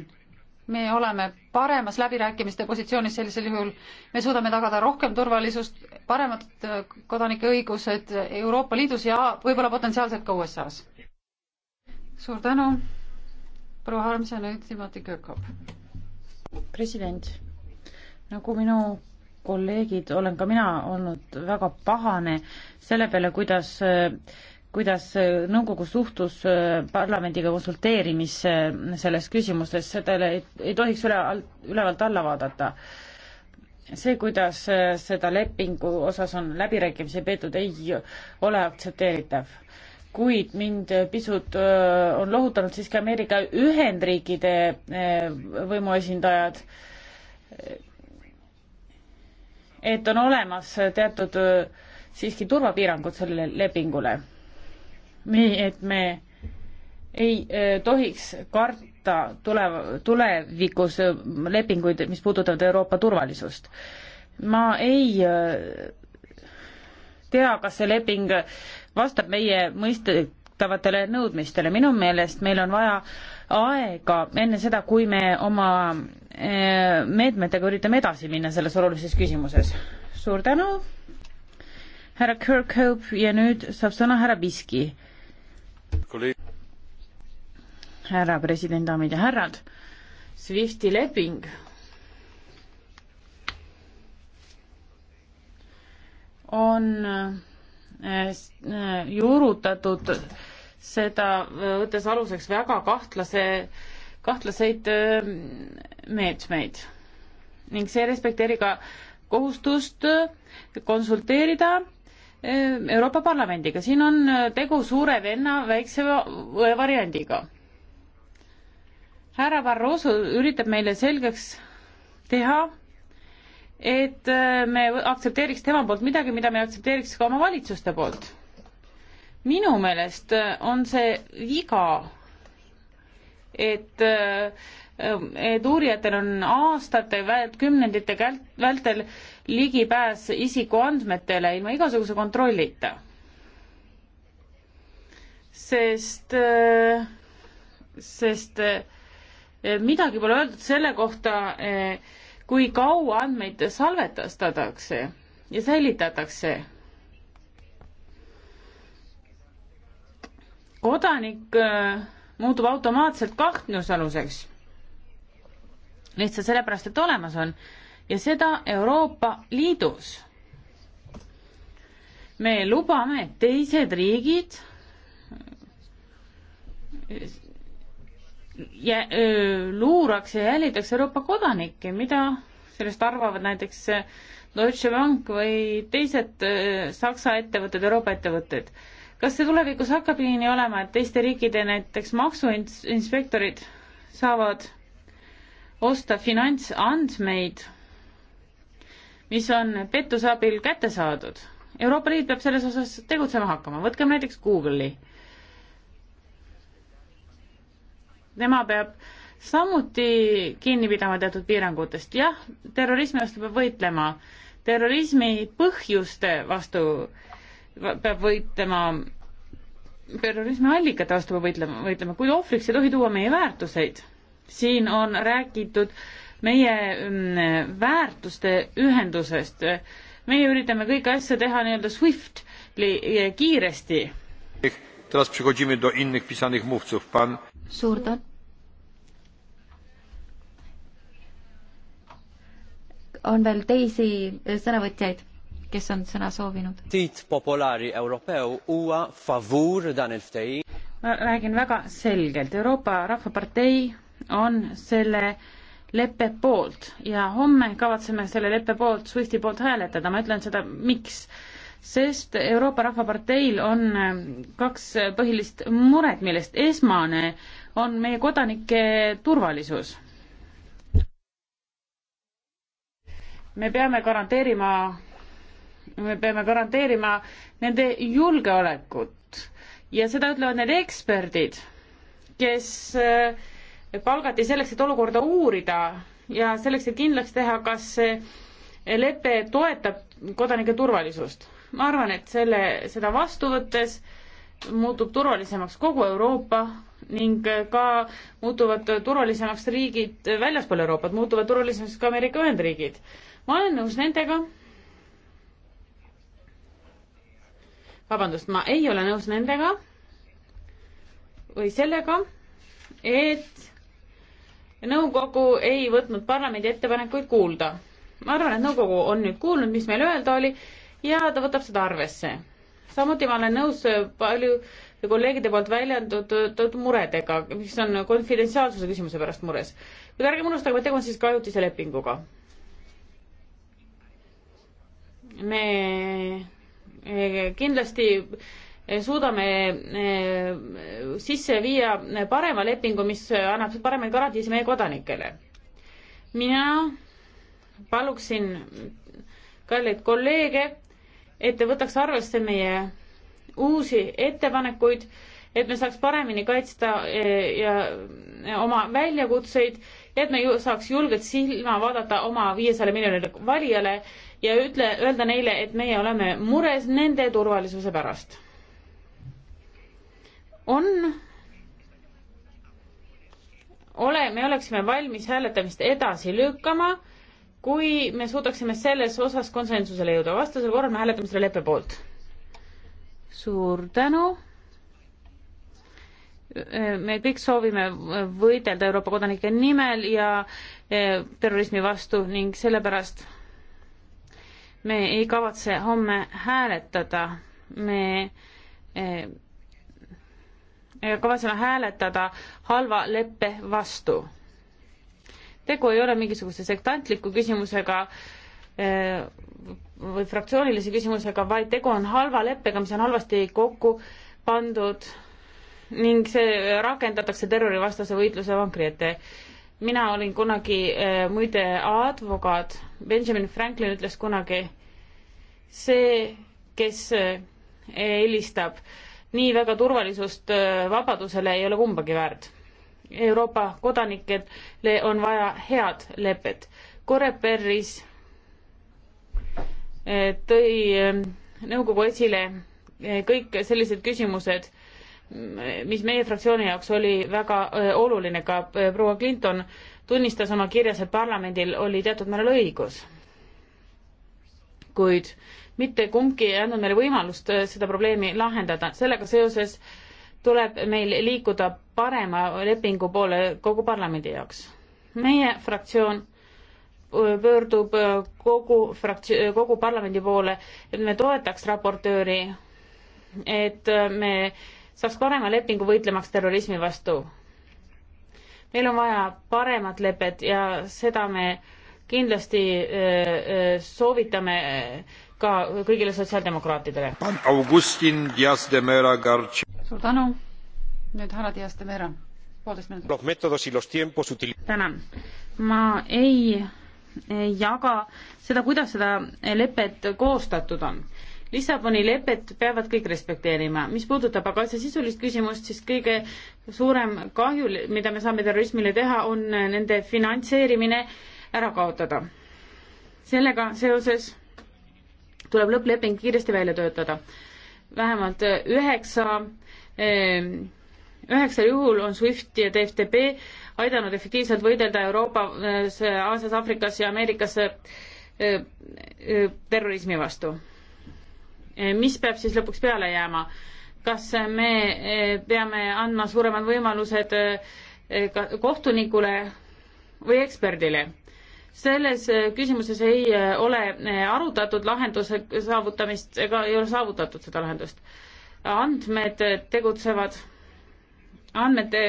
me oleme paremas läbirääkimiste positsioonis sellisel juhul, me suudame tagada rohkem turvalisust, paremad äh, kodanike õigused Euroopa Liidus ja võib-olla potentsiaalselt ka USA-s. suur tänu, proua Harms ja nüüd Timothy Kirkhope president, nagu minu kolleegid, olen ka mina olnud väga pahane selle peale, kuidas, kuidas nõukogu suhtus äh, parlamendiga konsulteerimisse äh, selles küsimuses, sellele ei, ei tohiks üle, ülevalt alla vaadata. see, kuidas äh, seda lepingu osas on läbirääkimisi peetud, ei ole aktsepteeritav kuid mind pisut on lohutanud siiski Ameerika Ühendriikide võimuesindajad. et on olemas teatud siiski turvapiirangud sellele lepingule. nii et me ei tohiks karta tule, tulevikus lepinguid, mis puudutavad Euroopa turvalisust. ma ei tea, kas see leping vastab meie mõistetavatele nõudmistele. minu meelest meil on vaja aega enne seda, kui me oma eh, meetmetega üritame edasi minna selles olulises küsimuses. suur tänu, härra Kirkhope ja nüüd saab sõna härra Biski. härra president, daamid ja härrad, Swifti leping on Äh, äh, juurutatud seda, äh, võttes aluseks väga kahtlase, kahtlaseid meetmeid ning see respekteeri ka kohustust konsulteerida Euroopa Parlamendiga, siin on tegu suure venna väikse variandiga. härra Barroso üritab meile selgeks teha, et äh, me aktsepteeriks tema poolt midagi, mida me aktsepteeriks ka oma valitsuste poolt. minu meelest äh, on see viga, et, äh, et uurijatel on aastate, kümnendite vältel ligipääs isikuandmetele ilma igasuguse kontrollita. sest, sest midagi pole öeldud selle kohta, kui kaua andmeid salvestatakse ja säilitatakse. kodanik äh, muutub automaatselt kahtlusaluseks lihtsalt sellepärast, et olemas on ja seda Euroopa Liidus. me lubame, et teised riigid jä-, luuraks ja jälitaks Euroopa kodanikke, mida sellest arvavad näiteks äh, Deutsche Bank või teised äh, Saksa ettevõtted, Euroopa ettevõtted. kas see tulevikus hakkabki nii olema, et teiste riikide näiteks maksuinspektorid saavad osta finantsandmeid, mis on pettuse abil kätte saadud? Euroopa Liit peab selles osas tegutsema hakkama, võtkem näiteks Google'i tema peab samuti kinni pidama teatud piirangutest. jah, terrorismi vastu peab võitlema, terrorismi põhjuste vastu peab võitlema, terrorismi allikate vastu peab võitlema, võitlema, kuid ohvriks ei tohi tuua meie väärtuseid. siin on räägitud meie mm, väärtuste ühendusest. meie üritame kõiki asju teha nii-öelda swift, kiiresti. Teraz przechodzimy do innych pisanych mówców. Pan suur tänu. on veel teisi sõnavõtjaid, kes on sõna soovinud? Tiit Populaari Europeu uue favor dan elftei. ma räägin väga selgelt, Euroopa Rahvapartei on selle leppe poolt ja homme kavatseme selle leppe poolt, Swifti poolt hääletada, ma ütlen seda, miks sest Euroopa Rahvaparteil on äh, kaks põhilist muret, millest esmane on meie kodanike turvalisus. me peame garanteerima, me peame garanteerima nende julgeolekut ja seda ütlevad need eksperdid, kes äh, palgati selleks, et olukorda uurida ja selleks, et kindlaks teha, kas see lepe toetab kodanike turvalisust ma arvan, et selle, seda vastu võttes muutub turvalisemaks kogu Euroopa ning ka muutuvad turvalisemaks riigid väljaspool Euroopat, muutuvad turvalisemaks ka Ameerika Ühendriigid. ma olen nõus nendega, vabandust, ma ei ole nõus nendega või sellega, et nõukogu ei võtnud parlamendi ettepanekuid kuulda. ma arvan, et nõukogu on nüüd kuulnud, mis meil öelda oli ja ta võtab seda arvesse. samuti ma olen nõus palju kolleegide poolt väljendatud muredega, mis on konfidentsiaalsuse küsimuse pärast mures. kuid ärgem unustagem, et tegu on siiski ajutise lepinguga. me eh, kindlasti suudame eh, sisse viia parema lepingu, mis annab paremaid garantiisid meie kodanikele. mina paluksin, kallid kolleege, et te võtaks arvesse meie uusi ettepanekuid, et me saaks paremini kaitsta eh, ja eh, oma väljakutseid ja et me ju saaks julgelt silma vaadata oma viiesajale miljonile valijale ja ütle, öelda neile, et meie oleme mures nende turvalisuse pärast. on, ole, me oleksime valmis hääletamist edasi lükkama kui me suudaksime selles osas konsensusele jõuda, vastasel korral me hääletame selle leppe poolt. suur tänu. Äh, me kõik soovime võidelda Euroopa kodanike nimel ja äh, terrorismi vastu ning sellepärast me ei kavatse homme hääletada, me äh, kavatseme hääletada halva leppe vastu tegu ei ole mingisuguse sektantliku küsimusega eh, või fraktsioonilise küsimusega, vaid tegu on halva leppega, mis on halvasti kokku pandud ning see rakendatakse terrorivastase võitluse vankri ette. mina olin kunagi eh, muide advokaat, Benjamin Franklin ütles kunagi, see, kes eh, eelistab nii väga turvalisust vabadusele, ei ole kumbagi väärt Euroopa kodanikele on vaja head lepet. Koreperis eh, tõi eh, nõukogu esile eh, kõik sellised küsimused, mis meie fraktsiooni jaoks oli väga oluline, ka proua Clinton tunnistas oma kirjas, et parlamendil oli teatud määral õigus. kuid mitte kumbki ei andnud meile võimalust seda probleemi lahendada, sellega seoses äh, tuleb meil liikuda parema lepingu poole kogu parlamendi jaoks. meie fraktsioon pöördub kogu fraktsio-, kogu parlamendi poole, et me toetaks raportööri, et me saaks parema lepingu võitlemaks terrorismi vastu. meil on vaja paremat lepet ja seda me kindlasti äh, äh, soovitame ka kõigile sotsiaaldemokraatidele. Augustin Dias de Mera Garcia suur tänu. nüüd härra Dias de Mera, poolteist minutit. tänan. ma ei jaga seda, kuidas seda lepet koostatud on. Lissaboni lepet peavad kõik respekteerima. mis puudutab aga asja sisulist küsimust, siis kõige suurem kahju, mida me saame terrorismile teha, on nende finantseerimine ära kaotada. sellega seoses tuleb lõppleping kiiresti välja töötada. vähemalt üheksa Ehm, üheksal juhul on SWIFT ja TFTP aidanud efektiivselt võidelda Euroopas, eh, Aasias, Aafrikas ja Ameerikas eh, eh, terrorismi vastu. mis peab siis lõpuks peale jääma? kas me peame andma suuremad võimalused kohtunikule või eksperdile? selles küsimuses ei ole arutatud lahenduse saavutamist ega ei ole saavutatud seda lahendust andmed tegutsevad, andmete,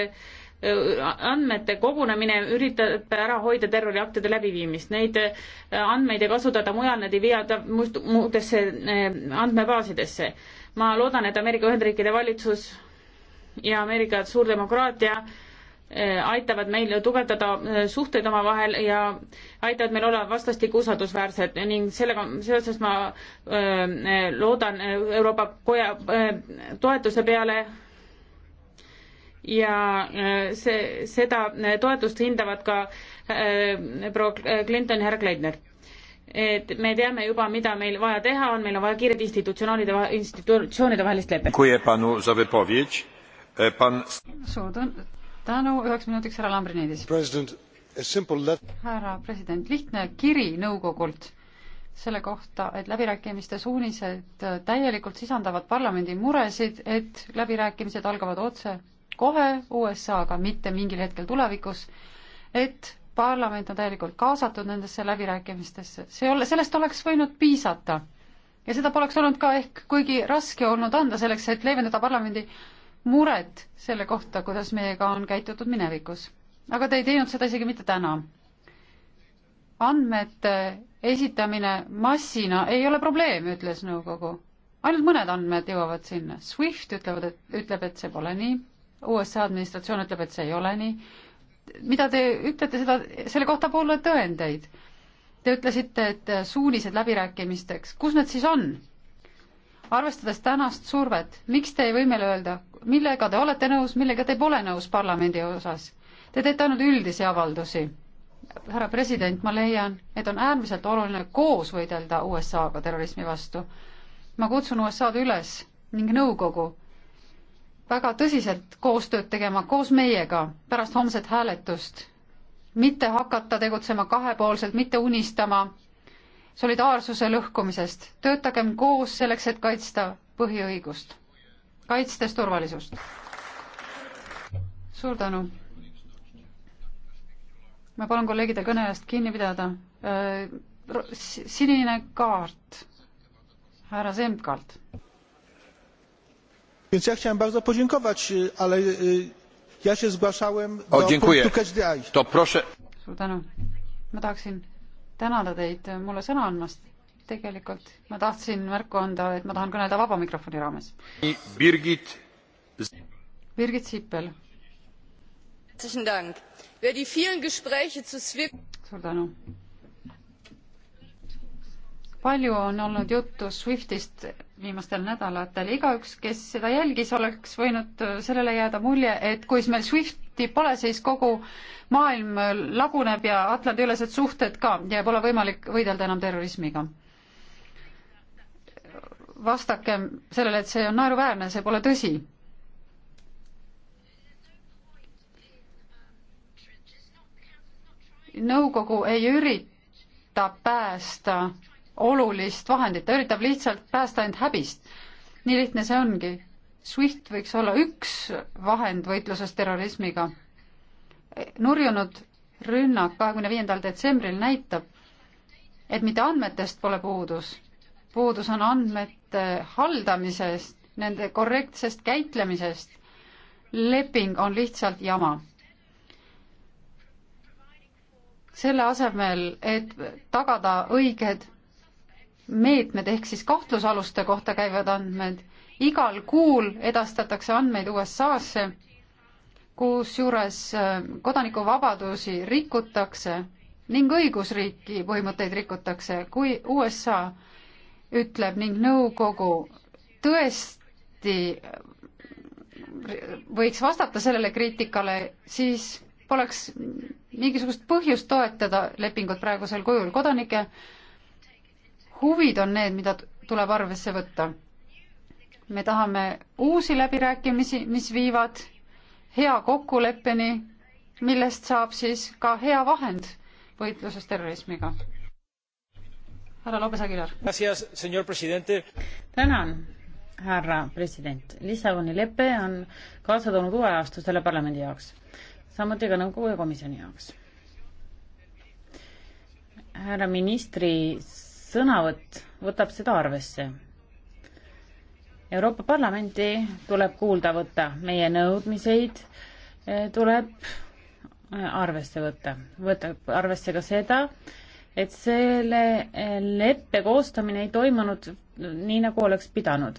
andmete kogunemine üritab ära hoida terroriaktide läbiviimist, neid andmeid ei kasutata mujal, need ei viida muudesse eh, andmebaasidesse. ma loodan, et Ameerika Ühendriikide valitsus ja Ameerika suur demokraatia äh, Äh, aitavad meil tugevdada äh, suhteid omavahel ja aitavad meil olla vastastikku usaldusväärsed ning sellega seoses ma öö, äh, loodan Euroopa Koja öö, toetuse peale ja see, seda toetust hindavad ka proua Clinton ja härra Kleidner. et me teame juba, mida meil vaja teha on, meil on vaja kiiret institutsionaalide, institutsioonide vahelist lepet. E, suur tänu tänu, üheks minutiks härra Lambrinidis. härra president, lihtne kiri nõukogult selle kohta, et läbirääkimiste suunised täielikult sisandavad parlamendi muresid, et läbirääkimised algavad otse kohe USA-ga, mitte mingil hetkel tulevikus, et parlament on täielikult kaasatud nendesse läbirääkimistesse, see ole, sellest oleks võinud piisata. ja seda poleks olnud ka ehk kuigi raske olnud anda selleks, et leevendada parlamendi muret selle kohta, kuidas meiega on käitutud minevikus. aga te ei teinud seda isegi mitte täna. andmete esitamine massina ei ole probleem, ütles nõukogu. ainult mõned andmed jõuavad sinna. SWIFT ütlevad, et, ütleb, et see pole nii. USA administratsioon ütleb, et see ei ole nii. mida te ütlete, seda, selle kohta pole tõendeid. Te ütlesite, et suunised läbirääkimisteks, kus need siis on? arvestades tänast survet, miks te ei või meile öelda, millega te olete nõus, millega te pole nõus parlamendi osas. Te teete ainult üldisi avaldusi. härra president, ma leian, et on äärmiselt oluline koos võidelda USA-ga terrorismi vastu. ma kutsun USA-d üles ning nõukogu väga tõsiselt koostööd tegema koos meiega pärast homset hääletust, mitte hakata tegutsema kahepoolselt, mitte unistama solidaarsuse lõhkumisest, töötagem koos selleks, et kaitsta põhiõigust kaitstes turvalisust. suur tänu. ma palun kolleegide kõne eest kinni pidada. Äh, sinine kaart härra Semkalt. Więc ja chciałem bardzo podziękować, ale ja się zgłaszałem do o, dziękuję. punktu KSDI. To proszę. Suur tänu. Ma tahaksin tänada teid mulle sõna andmast tegelikult ma tahtsin märku anda, et ma tahan kõneleda vaba mikrofoni raames. Birgit. Birgit Sippel. suur tänu. palju on olnud juttu SWIFTist viimastel nädalatel, igaüks, kes seda jälgis, oleks võinud sellele jääda mulje, et kui meil SWIFTi pole, siis kogu maailm laguneb ja Atlandi-ülesed suhted ka ja pole võimalik võidelda enam terrorismiga vastakem sellele, et see on naeruväärne, see pole tõsi. nõukogu ei ürita päästa olulist vahendit, ta üritab lihtsalt päästa end häbist. nii lihtne see ongi. SWIFT võiks olla üks vahend võitluses terrorismiga. nurjunud rünnak kahekümne viiendal detsembril näitab, et mitte andmetest pole puudus puudus on andmete haldamisest, nende korrektsest käitlemisest. leping on lihtsalt jama. selle asemel, et tagada õiged meetmed ehk siis kahtlusaluste kohta käivad andmed, igal kuul edastatakse andmeid USA-sse, kusjuures äh, kodanikuvabadusi rikutakse ning õigusriiki põhimõtteid rikutakse, kui USA ütleb ning nõukogu tõesti võiks vastata sellele kriitikale, siis poleks mingisugust põhjust toetada lepingut praegusel kujul. kodanike huvid on need, mida tuleb arvesse võtta. me tahame uusi läbirääkimisi, mis viivad hea kokkuleppeni, millest saab siis ka hea vahend võitluses terrorismiga härra Lopes Aguilar. tänan, härra president. Lissaboni lepe on kaasa toonud uue aasta selle parlamendi jaoks, samuti ka nõukogu ja komisjoni jaoks. härra ministri sõnavõtt võtab seda arvesse Euroopa Parlamenti tuleb kuulda võtta, meie nõudmiseid eh, tuleb eh, arvesse võtta, võtab arvesse ka seda, et selle leppe koostamine ei toimunud nii, nagu oleks pidanud.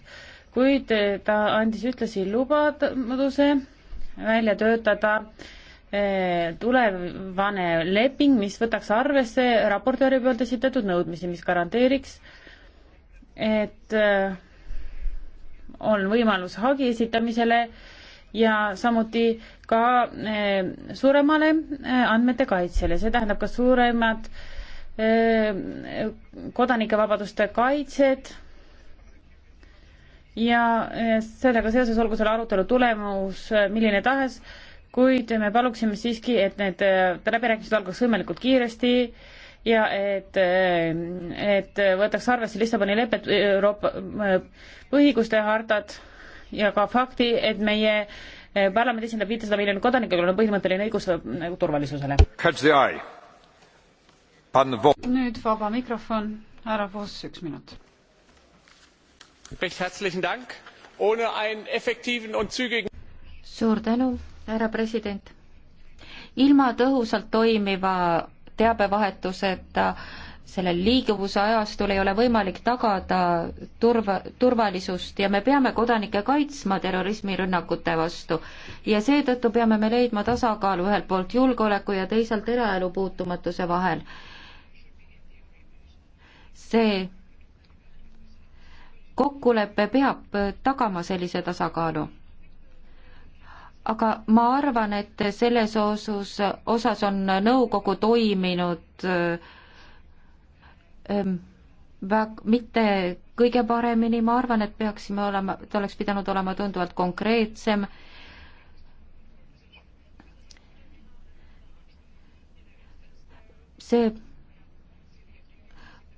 kuid ta andis ühtlasi lubaduse välja töötada eh, tulevane leping, mis võtaks arvesse raportööri poolt esitatud nõudmisi, mis garanteeriks, et eh, on võimalus hagi esitamisele ja samuti ka eh, suuremale andmete kaitsele, see tähendab ka suuremat äh, kodanikevabaduste kaitset ja sellega seoses olgu selle arutelu tulemus milline tahes, kuid me paluksime siiski, et need läbirääkimised algaks võimalikult kiiresti ja et, et võetaks arvesse Lissaboni lepet, Euroopa põhiõiguste hartat ja ka fakti, et meie parlament esindab viitesada miljonit kodanikku, kellel on põhimõtteline õigus nagu turvalisusele. Catch the eye nüüd vaba mikrofon, härra Voss, üks minut. suur tänu, härra president. ilma tõhusalt toimiva teabevahetuseta sellel liiguvuse ajastul ei ole võimalik tagada turva, turvalisust ja me peame kodanikke kaitsma terrorismirünnakute vastu. ja seetõttu peame me leidma tasakaalu ühelt poolt julgeoleku ja teisalt eraelu puutumatuse vahel see kokkulepe peab tagama sellise tasakaalu. aga ma arvan, et selles osus, osas on nõukogu toiminud ähm, väg-, mitte kõige paremini, ma arvan, et peaksime olema, ta oleks pidanud olema tunduvalt konkreetsem, see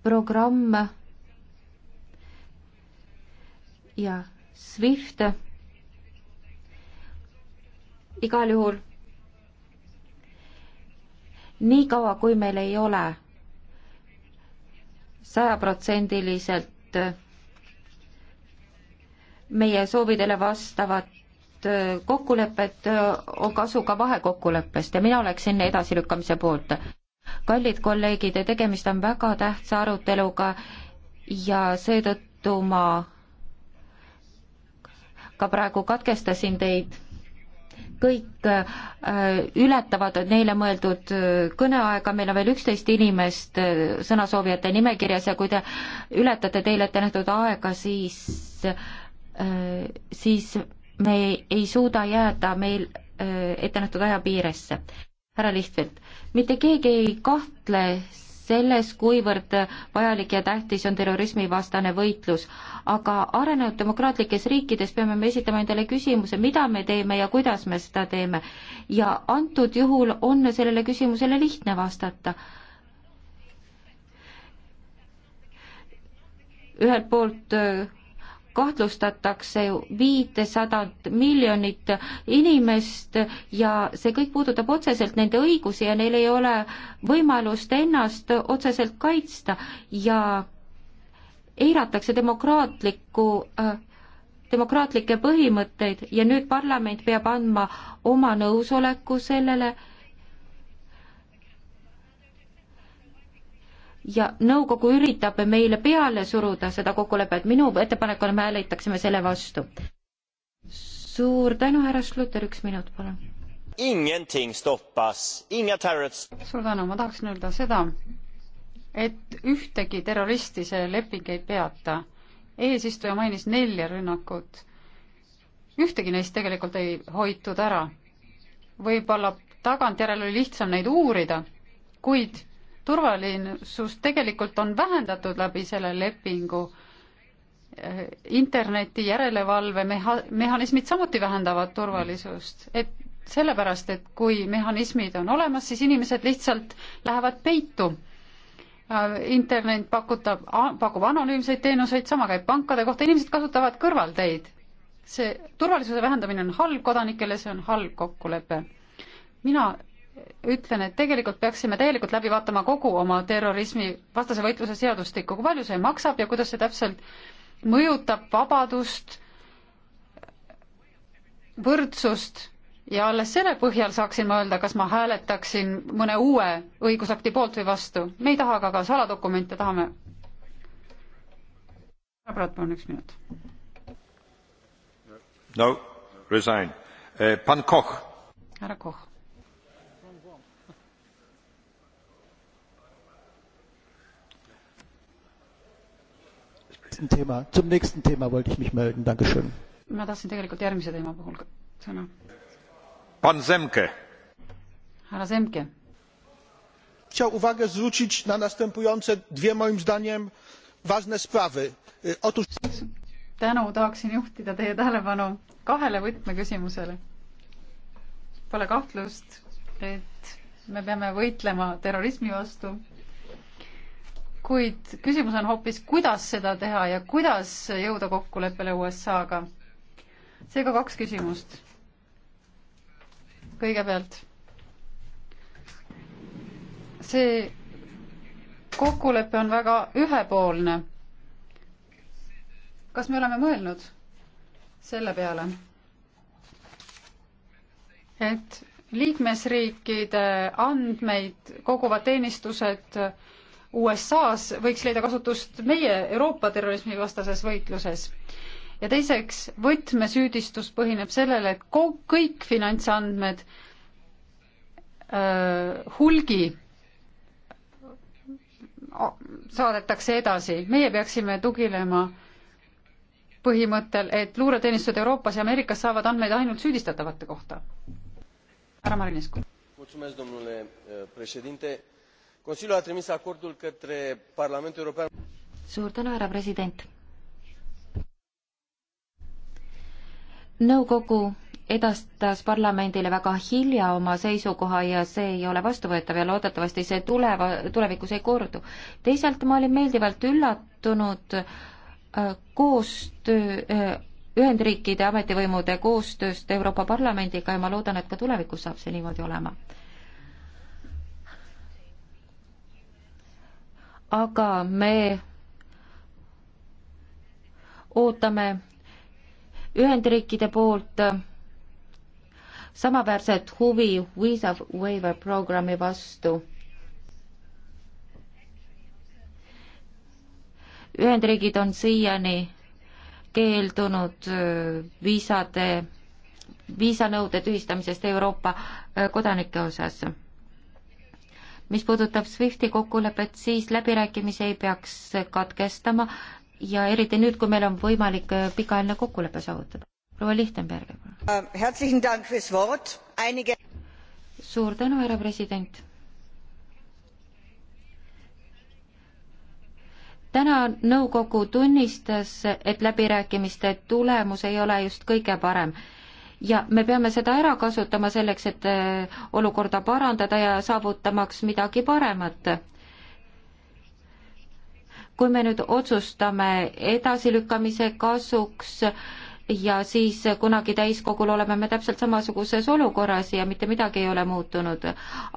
programm ja SWIFT. igal juhul niikaua, kui meil ei ole sajaprotsendiliselt meie soovidele vastavat kokkulepet, on kasu ka vahekokkuleppest ja mina oleksin edasilükkamise poolt kallid kolleegid, tegemist on väga tähtsa aruteluga ja seetõttu ma ka praegu katkestasin teid. kõik äh, ületavad neile mõeldud äh, kõneaega, meil on veel üksteist inimest äh, sõnasoovijate nimekirjas ja kui te ületate teile ette nähtud aega, siis, siis me ei suuda jääda meil ette nähtud aja piiresse härra Lihtfeld, mitte keegi ei kahtle selles, kuivõrd vajalik ja tähtis on terrorismivastane võitlus. aga arenenud demokraatlikes riikides peame me esitama endale küsimuse, mida me teeme ja kuidas me seda teeme. ja antud juhul on sellele küsimusele lihtne vastata. ühelt poolt äh, kahtlustatakse viitesadat miljonit inimest ja see kõik puudutab otseselt nende õigusi ja neil ei ole võimalust ennast otseselt kaitsta ja eiratakse demokraatlikku äh, demokraatlikke põhimõtteid ja nüüd parlament peab andma oma nõusoleku sellele, ja nõukogu üritab meile peale suruda seda kokkulepet, minu ettepanek on, me hääletaksime selle vastu. suur tänu, härra Schluter, üks minut, palun. Ingenting stoppas, inga terrorist. suur tänu, ma tahaksin öelda seda, et ühtegi terroristi see leping ei peata. eesistuja mainis nelja rünnakut. ühtegi neist tegelikult ei hoitud ära. võib-olla tagantjärele oli lihtsam neid uurida, kuid turvalisust tegelikult on vähendatud läbi selle lepingu interneti järelevalve meha-, mehhanismid samuti vähendavad turvalisust, et sellepärast, et kui mehhanismid on olemas, siis inimesed lihtsalt lähevad peitu. Äh, internet pakutab, pakub anonüümseid teenuseid, sama käib pankade kohta, inimesed kasutavad kõrvalteid. see turvalisuse vähendamine on halb kodanikele, see on halb kokkulepe. mina ütlen, et tegelikult peaksime täielikult läbi vaatama kogu oma terrorismi vastase võitluse seadustikku, kui palju see maksab ja kuidas see täpselt mõjutab vabadust, võrdsust ja alles selle põhjal saaksin ma öelda, kas ma hääletaksin mõne uue õigusakti poolt või vastu. me ei taha ka, ka saladokumente, tahame. sõbrad, palun üks minut. no resign. Eh, pan Koch. härra Koch nächsten Thema, zum nächsten Thema wollte ich mich melden, Dankeschön. ma tahtsin tegelikult järgmise teema puhul sõna. Pan Zemke. härra Zemke. Chciał uwagę zwrócić na następujące dwie moim zdaniem ważne sprawy. Otóż... Tänu, tahaksin juhtida teie tähelepanu kahele võtmeküsimusele. Pole kahtlust, et me peame võitlema terrorismi vastu kuid küsimus on hoopis, kuidas seda teha ja kuidas jõuda kokkuleppele USA-ga. seega kaks küsimust. kõigepealt, see kokkulepe on väga ühepoolne. kas me oleme mõelnud selle peale, et liikmesriikide andmeid koguvad teenistused äh, USA-s võiks leida kasutust meie Euroopa terrorismivastases võitluses. ja teiseks, võtmesüüdistus põhineb sellele, et kõik finantsandmed äh, hulgi saadetakse edasi, meie peaksime tuginema põhimõttel, et luureteenistused Euroopas ja Ameerikas saavad andmeid ainult süüdistatavate kohta. härra Marinescu. mulțumesc, domnule eh, președinte consiliul a trimis acordul către parlamentul european. suur tänu härra president nõukogu edastas parlamendile väga hilja oma seisukoha ja see ei ole vastuvõetav ja loodetavasti see tuleva, tulevikus ei kordu. teisalt ma olin meeldivalt üllatunud äh, koostöö äh, Ühendriikide ametivõimude koostööst Euroopa Parlamendiga ja ma loodan, et ka tulevikus saab see niimoodi olema. aga me ootame Ühendriikide poolt samaväärset huvi Visa Waiver programmi vastu. Ühendriigid on siiani keeldunud äh, viisade, viisanõude tühistamisest Euroopa äh, kodanike osas mis puudutab SWIFTi kokkulepet, siis läbirääkimisi ei peaks katkestama ja eriti nüüd, kui meil on võimalik äh, pikaajaline kokkulepe saavutada. proua Lichtenberg. Äh, suur tänu, härra president. täna nõukogu tunnistas, et läbirääkimiste tulemus ei ole just kõige parem ja me peame seda ära kasutama selleks, et äh, olukorda parandada ja saavutamaks midagi paremat. kui me nüüd otsustame edasilükkamise kasuks, ja siis kunagi täiskogul oleme me täpselt samasuguses olukorras ja mitte midagi ei ole muutunud.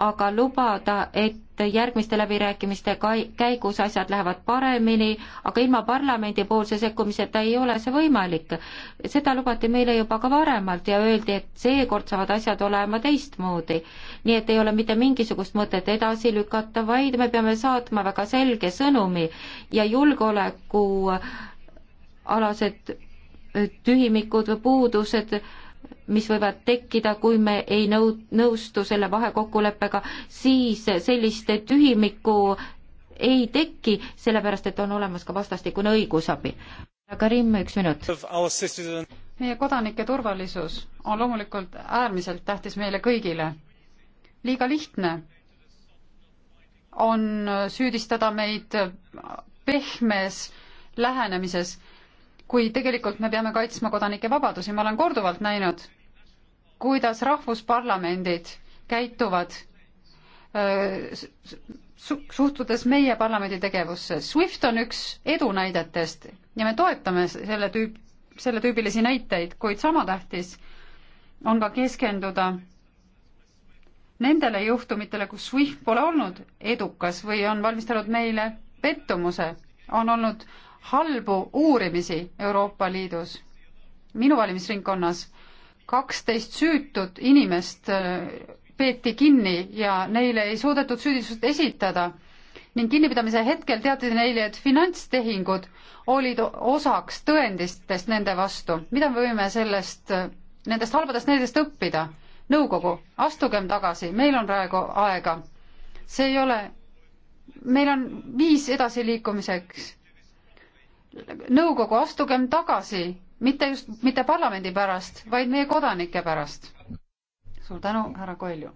aga lubada, et järgmiste läbirääkimiste käigus asjad lähevad paremini, aga ilma parlamendipoolse sekkumiseta ei ole see võimalik. seda lubati meile juba ka varemalt ja öeldi, et seekord saavad asjad olema teistmoodi. nii et ei ole mitte mingisugust mõtet edasi lükata, vaid me peame saatma väga selge sõnumi ja julgeoleku alased tühimikud või puudused, mis võivad tekkida, kui me ei nõu-, nõustu selle vahekokkuleppega, siis sellist tühimikku ei teki, sellepärast et on olemas ka vastastikune õigusabi. Karim, üks minut. meie kodanike turvalisus on loomulikult äärmiselt tähtis meile kõigile. liiga lihtne on süüdistada meid pehmes lähenemises kui tegelikult me peame kaitsma kodanike vabadusi, ma olen korduvalt näinud, kuidas rahvusparlamendid käituvad äh, suhtudes meie parlamendi tegevusse. SWIFT on üks edunäidetest ja me toetame selle tüüp, selle tüübilisi näiteid, kuid sama tähtis on ka keskenduda nendele juhtumitele, kus SWIFT pole olnud edukas või on valmistanud meile pettumuse, on olnud äh, halbu uurimisi Euroopa Liidus. minu valimisringkonnas kaksteist süütut inimest äh, peeti kinni ja neile ei suudetud süüdistust esitada ning kinnipidamise hetkel teati neile, et finantstehingud olid osaks tõendistest nende vastu. mida me võime sellest, äh, nendest halbadest näidest õppida? nõukogu, astugem tagasi, meil on praegu aega. see ei ole, meil on viis edasiliikumiseks nõukogu, astugem tagasi, mitte just, mitte parlamendi pärast, vaid meie kodanike pärast. suur tänu, härra Koilju.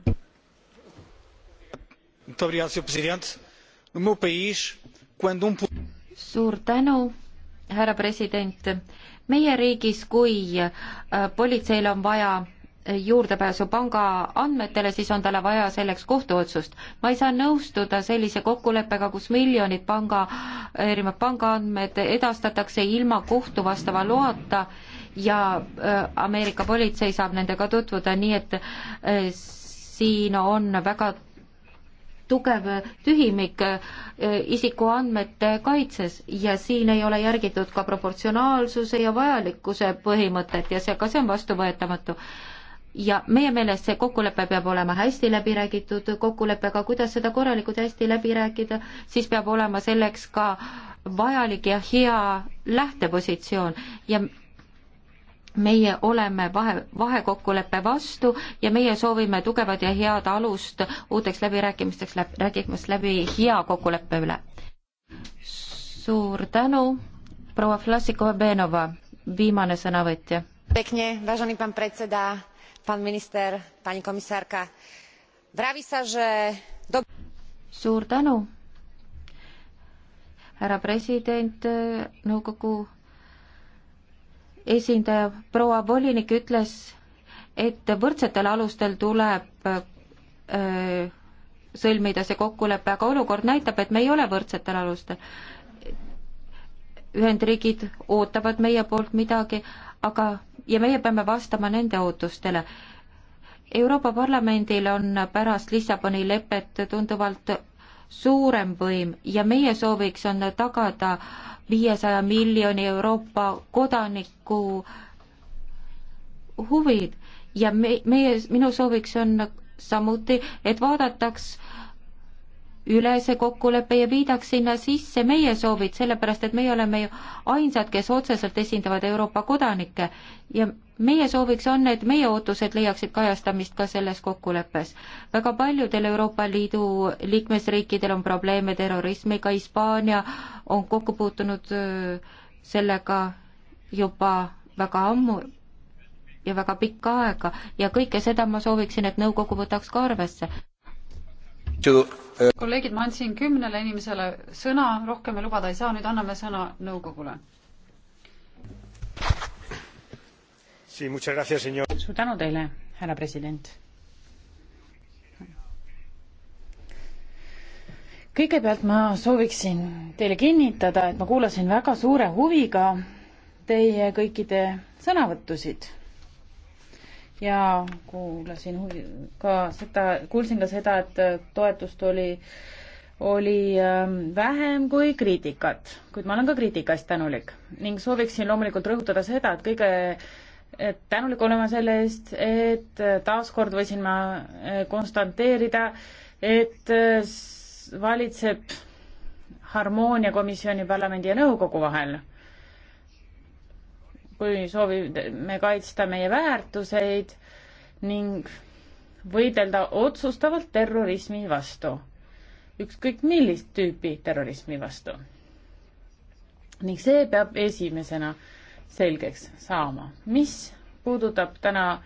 Um suur tänu, härra president. meie riigis, kui äh, politseil on vaja juurdepääsu panga andmetele, siis on talle vaja selleks kohtuotsust. ma ei saa nõustuda sellise kokkuleppega, kus miljonid panga, erinevad pangaandmed edastatakse ilma kohtu vastava loata ja äh, Ameerika politsei saab nendega tutvuda, nii et äh, siin on väga tugev tühimik äh, isikuandmete kaitses ja siin ei ole järgitud ka proportsionaalsuse ja vajalikkuse põhimõtet ja see, ka see on vastuvõetamatu ja meie meelest see kokkulepe peab olema hästi läbi räägitud kokkulepe, aga kuidas seda korralikult hästi läbi rääkida, siis peab olema selleks ka vajalik ja hea lähtepositsioon ja meie oleme vahe, vahekokkuleppe vastu ja meie soovime tugevat ja head alust uuteks läbirääkimisteks läb,, räägimaks läbi hea kokkuleppe üle. suur tänu, proua Vlasikova-Benova, viimane sõnavõtja pán minister pani komisárka vraví sa že suur tänu härra president nõukogu esindaja proua volinik ütles et võrdsetel alustel tuleb öö, äh, sõlmida see kokkulepe aga olukord näitab et me ei ole võrdsetel alustel Ühendriigid ootavad meie poolt midagi aga ja meie peame vastama nende ootustele. Euroopa Parlamendil on pärast Lissaboni lepet tunduvalt suurem võim ja meie sooviks on tagada viiesaja miljoni Euroopa kodaniku huvid ja me, meie, minu sooviks on samuti, et vaadataks äh, ülese kokkuleppe ja viidaks sinna sisse meie soovid, sellepärast et meie oleme ju ainsad, kes otseselt esindavad Euroopa kodanikke ja meie sooviks on, et meie ootused leiaksid kajastamist ka selles kokkuleppes. väga paljudel Euroopa Liidu liikmesriikidel on probleeme terrorismiga, Hispaania on kokku puutunud äh, sellega juba väga ammu ja väga pikka aega ja kõike seda ma sooviksin, et nõukogu võtaks ka arvesse. E, kolleegid, ma andsin kümnele inimesele sõna, rohkem me lubada ei saa, nüüd anname sõna nõukogule. suur tänu teile, härra president. kõigepealt ma sooviksin teile kinnitada, et ma kuulasin väga suure huviga teie kõikide sõnavõttusid ja kuulasin ka seda, kuulsin ka seda, et äh, toetust oli, oli ähm, vähem kui kriitikat, kuid ma olen ka kriitika eest tänulik ning sooviksin loomulikult rõhutada seda, et kõige et äh, tänulik olema selle eest, et äh, taaskord võisin ma konstanteerida, et valitseb harmoonia komisjoni, parlamendi ja nõukogu vahel kui soovime kaitsta meie väärtuseid ning võidelda otsustavalt terrorismi vastu, ükskõik millist tüüpi terrorismi vastu. ning see peab esimesena selgeks saama. mis puudutab täna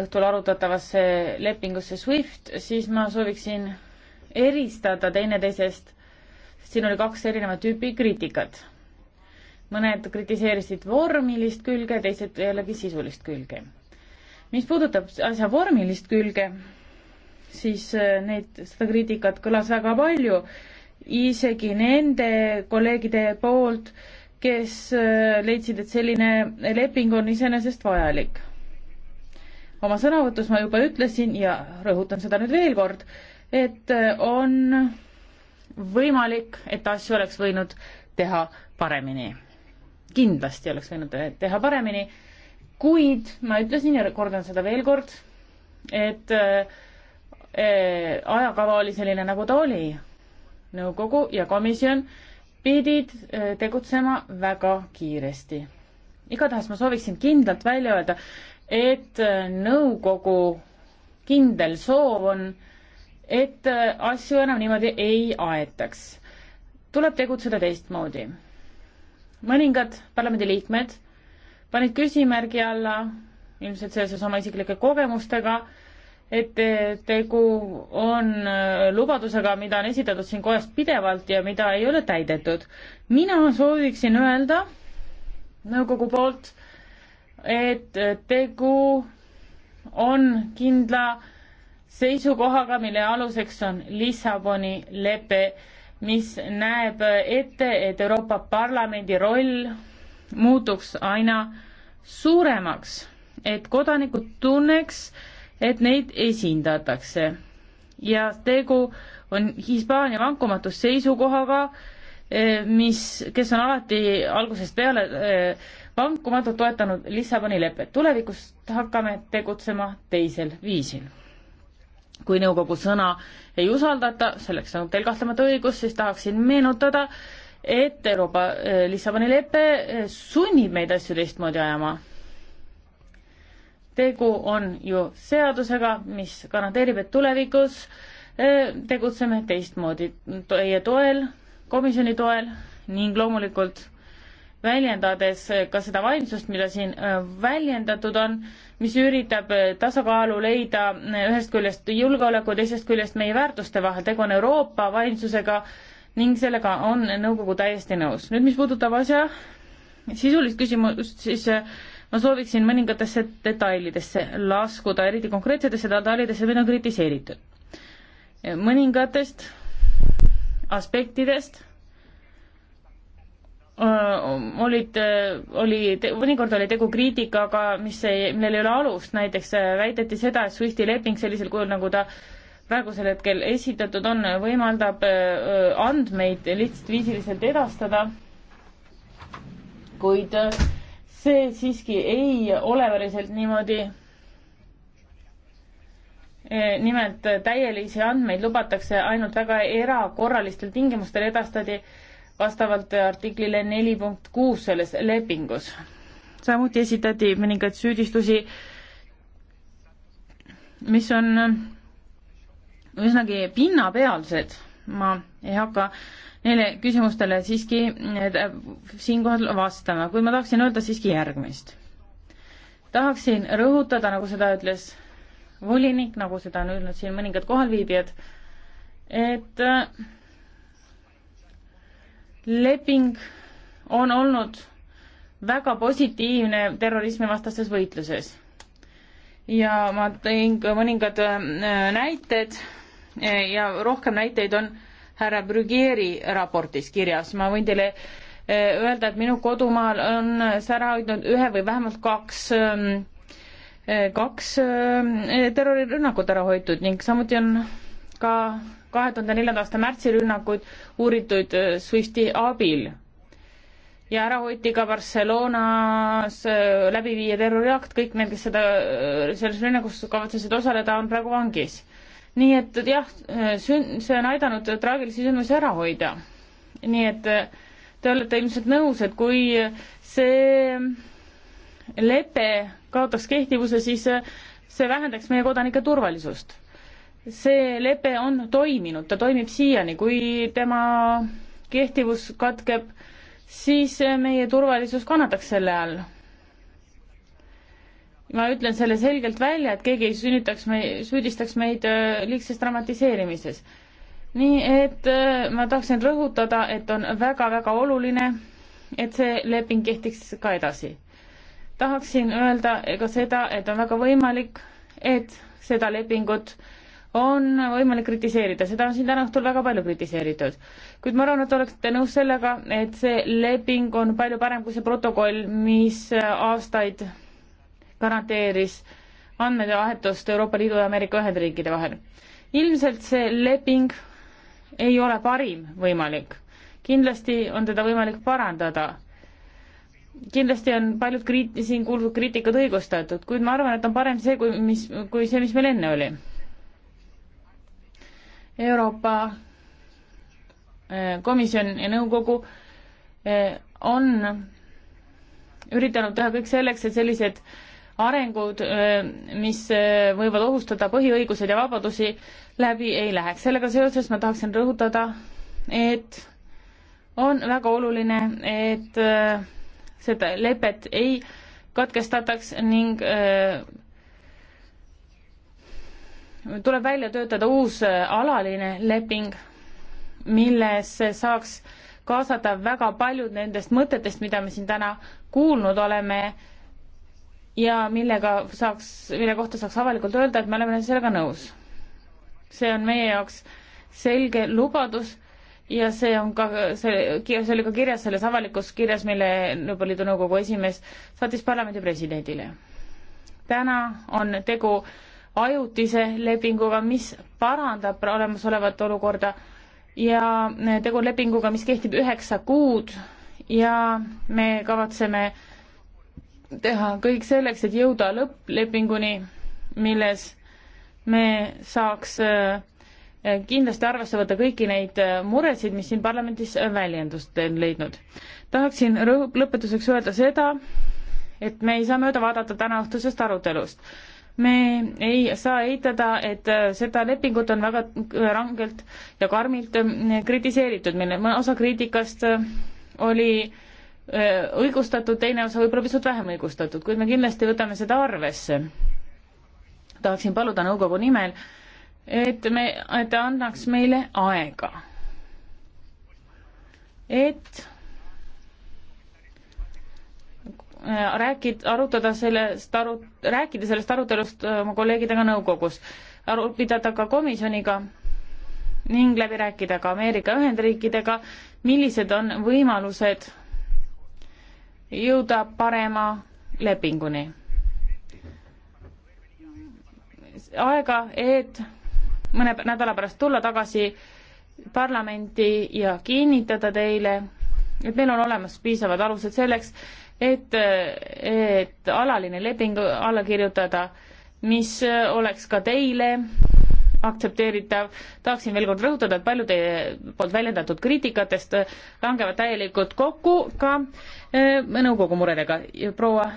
õhtul arutatavasse lepingusse SWIFT, siis ma sooviksin eristada teineteisest, siin oli kaks erineva tüüpi kriitikat mõned kritiseerisid vormilist külge, teised jällegi sisulist külge. mis puudutab asja vormilist külge, siis äh, neid, seda kriitikat kõlas väga palju, isegi nende kolleegide poolt, kes äh, leidsid, et selline leping on iseenesest vajalik. oma sõnavõtus ma juba ütlesin ja rõhutan seda nüüd veel kord, et äh, on võimalik, et asju oleks võinud teha paremini kindlasti oleks võinud teha paremini, kuid ma ütlesin ja kordan seda veel kord, et äh, äh, ajakava oli selline, nagu ta oli. nõukogu ja komisjon pidid äh, tegutsema väga kiiresti. igatahes ma sooviksin kindlalt välja öelda, et eh, nõukogu kindel soov on, et asju enam niimoodi ei aetaks. tuleb tegutseda teistmoodi mõningad parlamendiliikmed panid küsimärgi alla ilmselt seoses oma isiklike kogemustega, et tegu on äh, lubadusega, mida on esitatud siin kojas pidevalt ja mida ei ole täidetud. mina sooviksin öelda nõukogu poolt, et tegu on kindla seisukohaga, mille aluseks on Lissaboni lepe mis näeb ette, et Euroopa Parlamendi roll muutuks aina suuremaks, et kodanikud tunneks, et neid esindatakse. ja tegu on Hispaania vankumatus seisukohaga, eh, mis, kes on alati algusest peale eh, vankumatult toetanud Lissaboni lepet. tulevikus hakkame tegutsema teisel viisil kui nõukogu sõna ei usaldata, selleks on teil kahtlemata õigus, siis tahaksin meenutada, et Euroopa eh, Lissaboni lepe eh, sunnib meid asju teistmoodi ajama. tegu on ju seadusega, mis garanteerib, et tulevikus eh, tegutseme teistmoodi, teie toel, komisjoni toel ning loomulikult väljendades ka seda vaimsust, mida siin äh, väljendatud on, mis üritab äh, tasakaalu leida äh, ühest küljest julgeoleku, teisest küljest meie väärtuste vahel, tegu on Euroopa vaimsusega ning sellega on nõukogu täiesti nõus. nüüd, mis puudutab asja sisulist küsimust, siis ma sooviksin mõningatesse detailidesse laskuda, eriti konkreetsetesse detailidesse, mida on kritiseeritud. mõningatest aspektidest Äh, olid, äh, oli, mõnikord oli tegu kriitikaga, mis ei, millel ei ole alust, näiteks äh, väideti seda, et SWIFTi leping sellisel kujul, nagu ta praegusel hetkel esitatud on, võimaldab andmeid lihtsalt edastada, kuid see siiski ei ole päriselt niimoodi. nimelt täielisi andmeid lubatakse ainult väga erakorralistel tingimustel edastada vastavalt artiklile neli punkt kuus selles lepingus. samuti esitati mõningaid süüdistusi, mis on üsnagi pinnapealsed, ma ei hakka neile küsimustele siiski äh, siinkohal vastama, kuid ma tahaksin öelda siiski järgmist. tahaksin rõhutada, nagu seda ütles volinik, nagu seda on öelnud siin mõningad kohalviibijad, et äh, leping on olnud väga positiivne terrorismivastases võitluses. ja ma tõin ka mõningad äh, näited äh, ja rohkem näiteid on härra Brügeri raportis kirjas, ma võin teile äh, öelda, et minu kodumaal on sära hoidnud ühe või vähemalt kaks ähm, kaks ähm, terrorirünnakut ära hoitud ning samuti on ka kahe tuhande neljanda aasta märtsirünnakuid uuritud äh, SWIFTi abil ja ära hoiti ka Barcelonas äh, läbi viia terroriakt, kõik need, kes seda, äh, selles rünnakus kavatsesid osaleda, on praegu vangis. nii et jah, sün-, see on aidanud traagilisi sündmusi ära hoida. nii et te olete ilmselt nõus, et kui see lepe kaotaks kehtivuse, siis see vähendaks meie kodanike turvalisust see lepe on toiminud, ta toimib siiani, kui tema kehtivus katkeb, siis meie turvalisus kannataks selle all. ma ütlen selle selgelt välja, et keegi ei sünnitaks me, süüdistaks meid äh, liigses dramatiseerimises. nii et äh, ma tahtsin rõhutada, et on väga-väga oluline, et see leping kehtiks ka edasi. tahaksin öelda ka seda, et on väga võimalik, et seda lepingut äh, on võimalik kritiseerida, seda on siin täna õhtul väga palju kritiseeritud. kuid ma arvan, et oleksite nõus sellega, et see leping on palju parem kui see protokoll, mis aastaid garanteeris andmete vahetust Euroopa Liidu ja Ameerika Ühendriikide vahel. ilmselt see leping ei ole parim võimalik. kindlasti on teda võimalik parandada. kindlasti on paljud kriit-, siin kuuldud kriitikad õigustatud, kuid ma arvan, et on parem see, kui mis, kui see, mis meil enne oli Euroopa eh, Komisjon ja nõukogu eh, on üritanud teha kõik selleks, et sellised arengud, eh, mis võivad ohustada põhiõigused ja vabadusi, läbi ei läheks. sellega seoses ma tahaksin rõhutada, et on väga oluline, et seda lepet ei katkestataks ning tuleb välja töötada uus äh, alaline leping, millesse saaks kaasata väga paljud nendest mõtetest, mida me siin täna kuulnud oleme ja millega saaks, mille kohta saaks avalikult öelda, et me oleme sellega nõus. see on meie jaoks selge lubadus ja see on ka, see, see oli ka kirjas selles avalikus kirjas, mille Euroopa Liidu Nõukogu esimees saatis parlamendi presidendile. täna on tegu äh, ajutise lepinguga, mis parandab olemasolevat olukorda ja tegu on lepinguga, mis kehtib üheksa kuud ja me kavatseme teha kõik selleks, et jõuda lõpplepinguni, milles me saaks äh, kindlasti arvesse võtta kõiki neid äh, muresid, mis siin parlamendis väljendust on leidnud. tahaksin lõpetuseks öelda seda, et me ei saa mööda vaadata tänaõhtusest arutelust me ei saa eitada, et äh, seda lepingut on väga äh, rangelt ja karmilt äh, kritiseeritud, mille osa kriitikast oli õigustatud, teine osa võib-olla pisut vähem õigustatud, kuid me kindlasti võtame seda arvesse. tahaksin paluda nõukogu nimel, et me, et ta annaks meile aega. et Äh, rääkid, arutada sellest aru-, rääkida sellest arutelust äh, oma kolleegidega nõukogus, aru-, pidada ka komisjoniga ning läbi rääkida ka Ameerika Ühendriikidega, millised on võimalused jõuda parema lepinguni. aega, et mõne nädala pärast tulla tagasi parlamenti ja kinnitada teile, et meil on olemas piisavad alused selleks, et, et alaline leping alla kirjutada, mis oleks ka teile aktsepteeritav. tahaksin veel kord rõhutada, et palju teie poolt väljendatud kriitikatest langevad täielikult kokku ka eh, nõukogu muredega. proua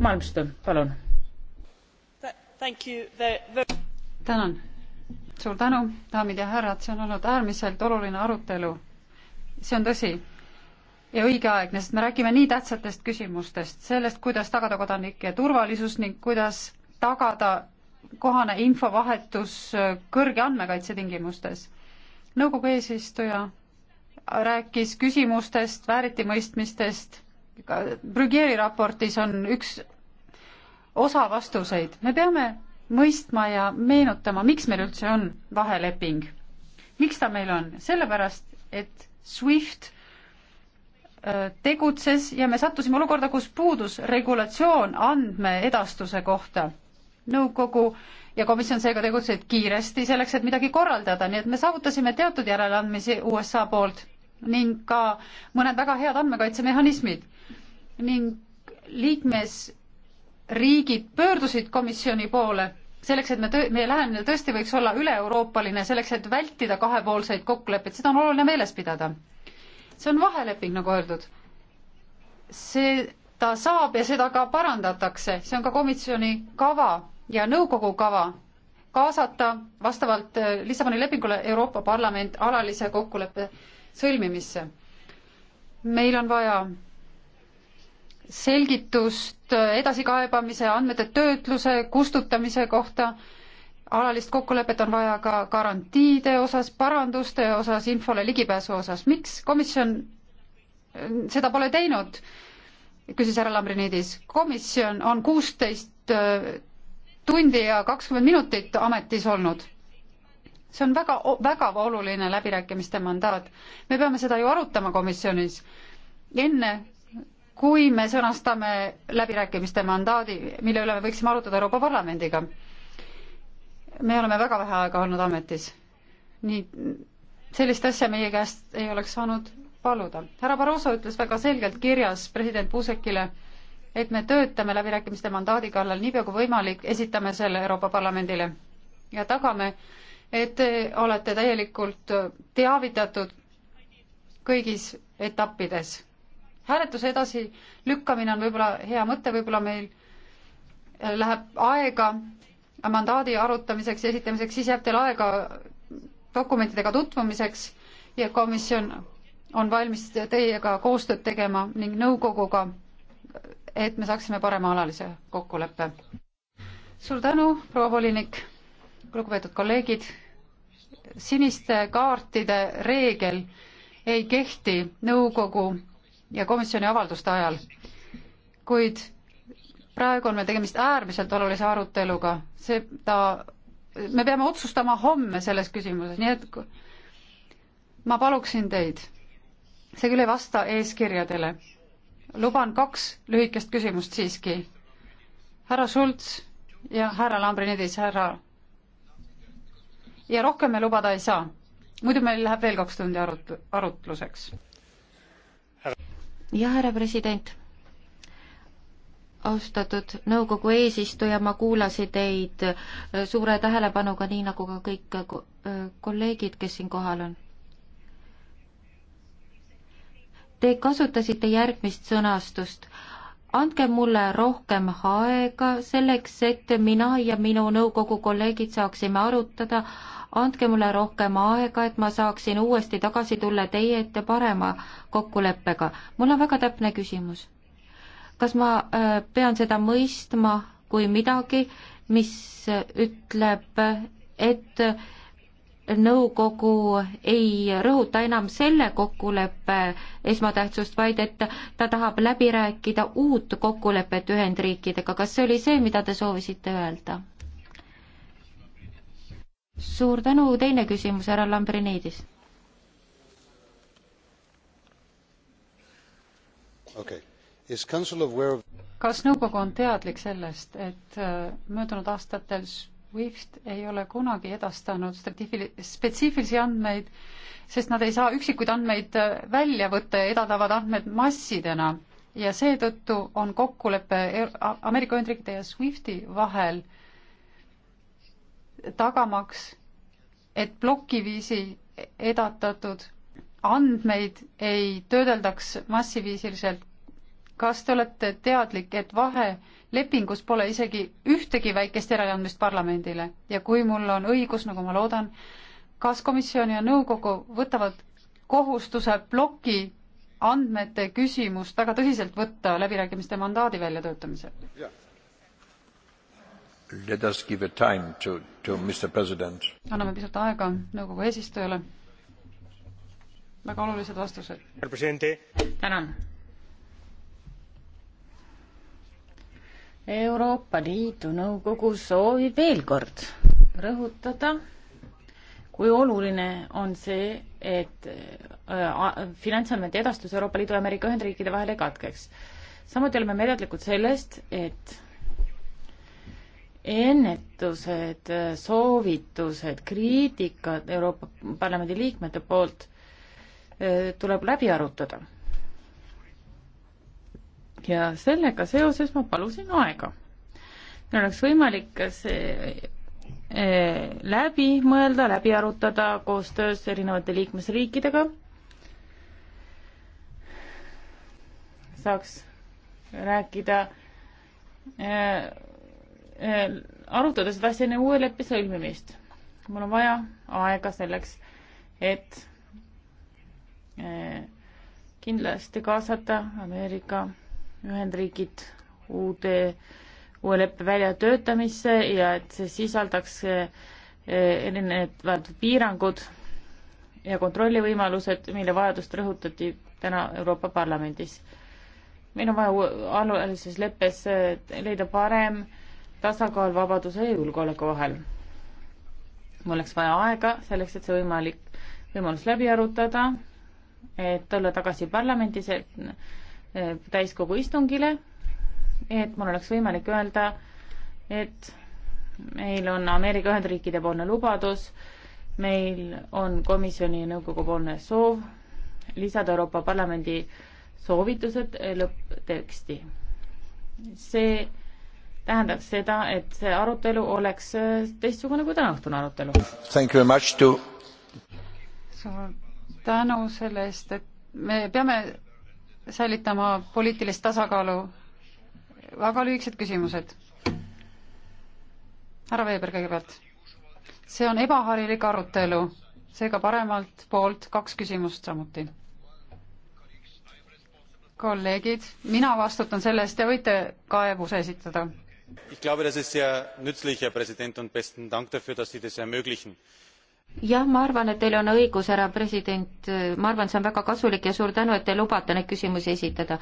Malmström, palun. tänan. suur tänu, daamid ja härrad, see on olnud äärmiselt oluline arutelu. see on tõsi ja õigeaegne, sest me räägime nii tähtsatest küsimustest, sellest, kuidas tagada kodanike turvalisus ning kuidas tagada kohane infovahetus äh, kõrge andmekaitse tingimustes. nõukogu eesistuja rääkis küsimustest, vääritimõistmistest, Brügieri raportis on üks osa vastuseid, me peame mõistma ja meenutama, miks meil üldse on vaheleping. miks ta meil on? sellepärast, et SWIFT Äh, tegutses ja me sattusime olukorda, kus puudus regulatsioon andmeedastuse kohta. nõukogu ja komisjon seega tegutsesid kiiresti selleks, et midagi korraldada, nii et me saavutasime teatud järeleandmisi USA poolt ning ka mõned väga head andmekaitsemehhanismid ning liikmesriigid pöördusid komisjoni poole selleks, et me, meie lähenemine tõesti võiks olla üle-euroopaline, selleks, et vältida kahepoolseid kokkuleppeid, seda on oluline meeles pidada see on vaheleping, nagu öeldud. see, ta saab ja seda ka parandatakse, see on ka komisjoni kava ja nõukogu kava kaasata vastavalt äh, Lissaboni lepingule Euroopa Parlament alalise kokkuleppe sõlmimisse. meil on vaja selgitust äh, edasikaebamise, andmete töötluse, kustutamise kohta alalist kokkulepet on vaja ka garantiide osas, paranduste osas, infole ligipääsu osas. miks komisjon seda pole teinud? küsis härra Lambrinidis. komisjon on kuusteist äh, tundi ja kakskümmend minutit ametis olnud. see on väga, väga oluline läbirääkimiste mandaat. me peame seda ju arutama komisjonis. enne kui me sõnastame läbirääkimiste mandaadi, mille üle me võiksime arutada Euroopa Parlamendiga me oleme väga vähe aega olnud ametis. nii, sellist asja meie käest ei oleks saanud paluda. härra Barroso ütles väga selgelt kirjas president Buzekile, et me töötame läbirääkimiste mandaadi kallal niipea kui võimalik, esitame selle Euroopa Parlamendile ja tagame, et te olete täielikult teavitatud kõigis etappides. hääletuse edasilükkamine on võib-olla hea mõte, võib-olla meil läheb aega mandaadi arutamiseks ja esitamiseks, siis jääb teil aega dokumentidega tutvumiseks ja komisjon on valmis teiega koostööd tegema ning nõukoguga, et me saaksime parema alalise kokkuleppe. suur tänu, proua volinik, lugupeetud kolleegid, siniste kaartide reegel ei kehti nõukogu ja komisjoni avalduste ajal, kuid praegu on meil tegemist äärmiselt olulise aruteluga, see, ta, me peame otsustama homme selles küsimuses, nii et ma paluksin teid, see küll ei vasta eeskirjadele, luban kaks lühikest küsimust siiski. härra Schultz ja härra Lambrinidis, härra. ja rohkem me lubada ei saa, muidu meil läheb veel kaks tundi arut-, arutluseks. jah, härra president austatud nõukogu eesistuja, ma kuulasin teid äh, suure tähelepanuga, nii nagu ka kõik äh, äh, kolleegid, kes siin kohal on. Te kasutasite järgmist sõnastust. andke mulle rohkem aega selleks, et mina ja minu nõukogu kolleegid saaksime arutada. andke mulle rohkem aega, et ma saaksin uuesti tagasi tulla teie ette parema kokkuleppega. mul on väga täpne küsimus kas ma äh, pean seda mõistma kui midagi, mis ütleb, et nõukogu ei rõhuta enam selle kokkuleppe esmatähtsust, vaid et ta tahab läbi rääkida uut kokkulepet Ühendriikidega, kas see oli see, mida te soovisite öelda? suur tänu, teine küsimus, härra Lambrinidis. okei okay kas nõukogu on teadlik sellest, et äh, möödunud aastatel SWIFT ei ole kunagi edastanud spetsiifilisi andmeid, sest nad ei saa üksikuid andmeid äh, välja võtta ja edatavad andmed massidena ja seetõttu on kokkulepe Ameerika Ühendriikide ja SWIFTi vahel tagamaks, et plokiviisi edatatud andmeid ei töödeldaks massiviisiliselt kas te olete teadlik, et vahelepingus pole isegi ühtegi väikest järeleandmist parlamendile ja kui mul on õigus, nagu ma loodan, kas komisjon ja nõukogu võtavad kohustuse ploki andmete küsimust väga tõsiselt võtta läbirääkimiste mandaadi väljatöötamisel yeah.? anname pisut aega nõukogu eesistujale. väga olulised vastused. tänan Euroopa Liidu Nõukogu soovib veel kord rõhutada, kui oluline on see, et äh, finantsandmete edastus Euroopa Liidu ja Ameerika Ühendriikide vahel ei katkeks. samuti oleme me teadlikud sellest, et ennetused, soovitused, kriitikad Euroopa Parlamendi liikmete poolt äh, tuleb läbi arutada ja sellega seoses ma palusin aega. meil oleks võimalik see e, läbi mõelda, läbi arutada koostöös erinevate liikmesriikidega. saaks rääkida, e, e, arutada seda asja enne uue leppe sõlmimist. mul on vaja aega selleks, et kindlasti kaasata Ameerika Ühendriigid uude, uue leppe väljatöötamisse ja et see sisaldaks eh, erinevad piirangud ja kontrollivõimalused, mille vajadust rõhutati täna Euroopa Parlamendis. meil on vaja alalises leppes eh, leida parem tasakaal vabaduse ja julgeoleku vahel. mul oleks vaja aega selleks, et see võimalik, võimalus läbi arutada, et olla tagasi parlamendis, et täiskogu istungile, et mul oleks võimalik öelda, et meil on Ameerika Ühendriikide poolne lubadus, meil on komisjoni ja nõukogu poolne soov lisada Euroopa Parlamendi soovitused lõppteksti. see tähendab seda, et see arutelu oleks teistsugune kui tänaõhtune arutelu. suur tänu selle eest, et me peame säilitama poliitilist tasakaalu. väga lühikesed küsimused. härra Veeber kõigepealt. see on ebaharilik arutelu, seega paremalt poolt kaks küsimust samuti. kolleegid, mina vastutan selle eest ja võite kaebuse esitada. Ich glaube, das ist sehr nützlich, Herr Präsident, und besten Dank dafür, dass Sie das ermöglichen jah, ma arvan, et teil on õigus, härra president, ma arvan, see on väga kasulik ja suur tänu, et te lubate neid küsimusi esitada.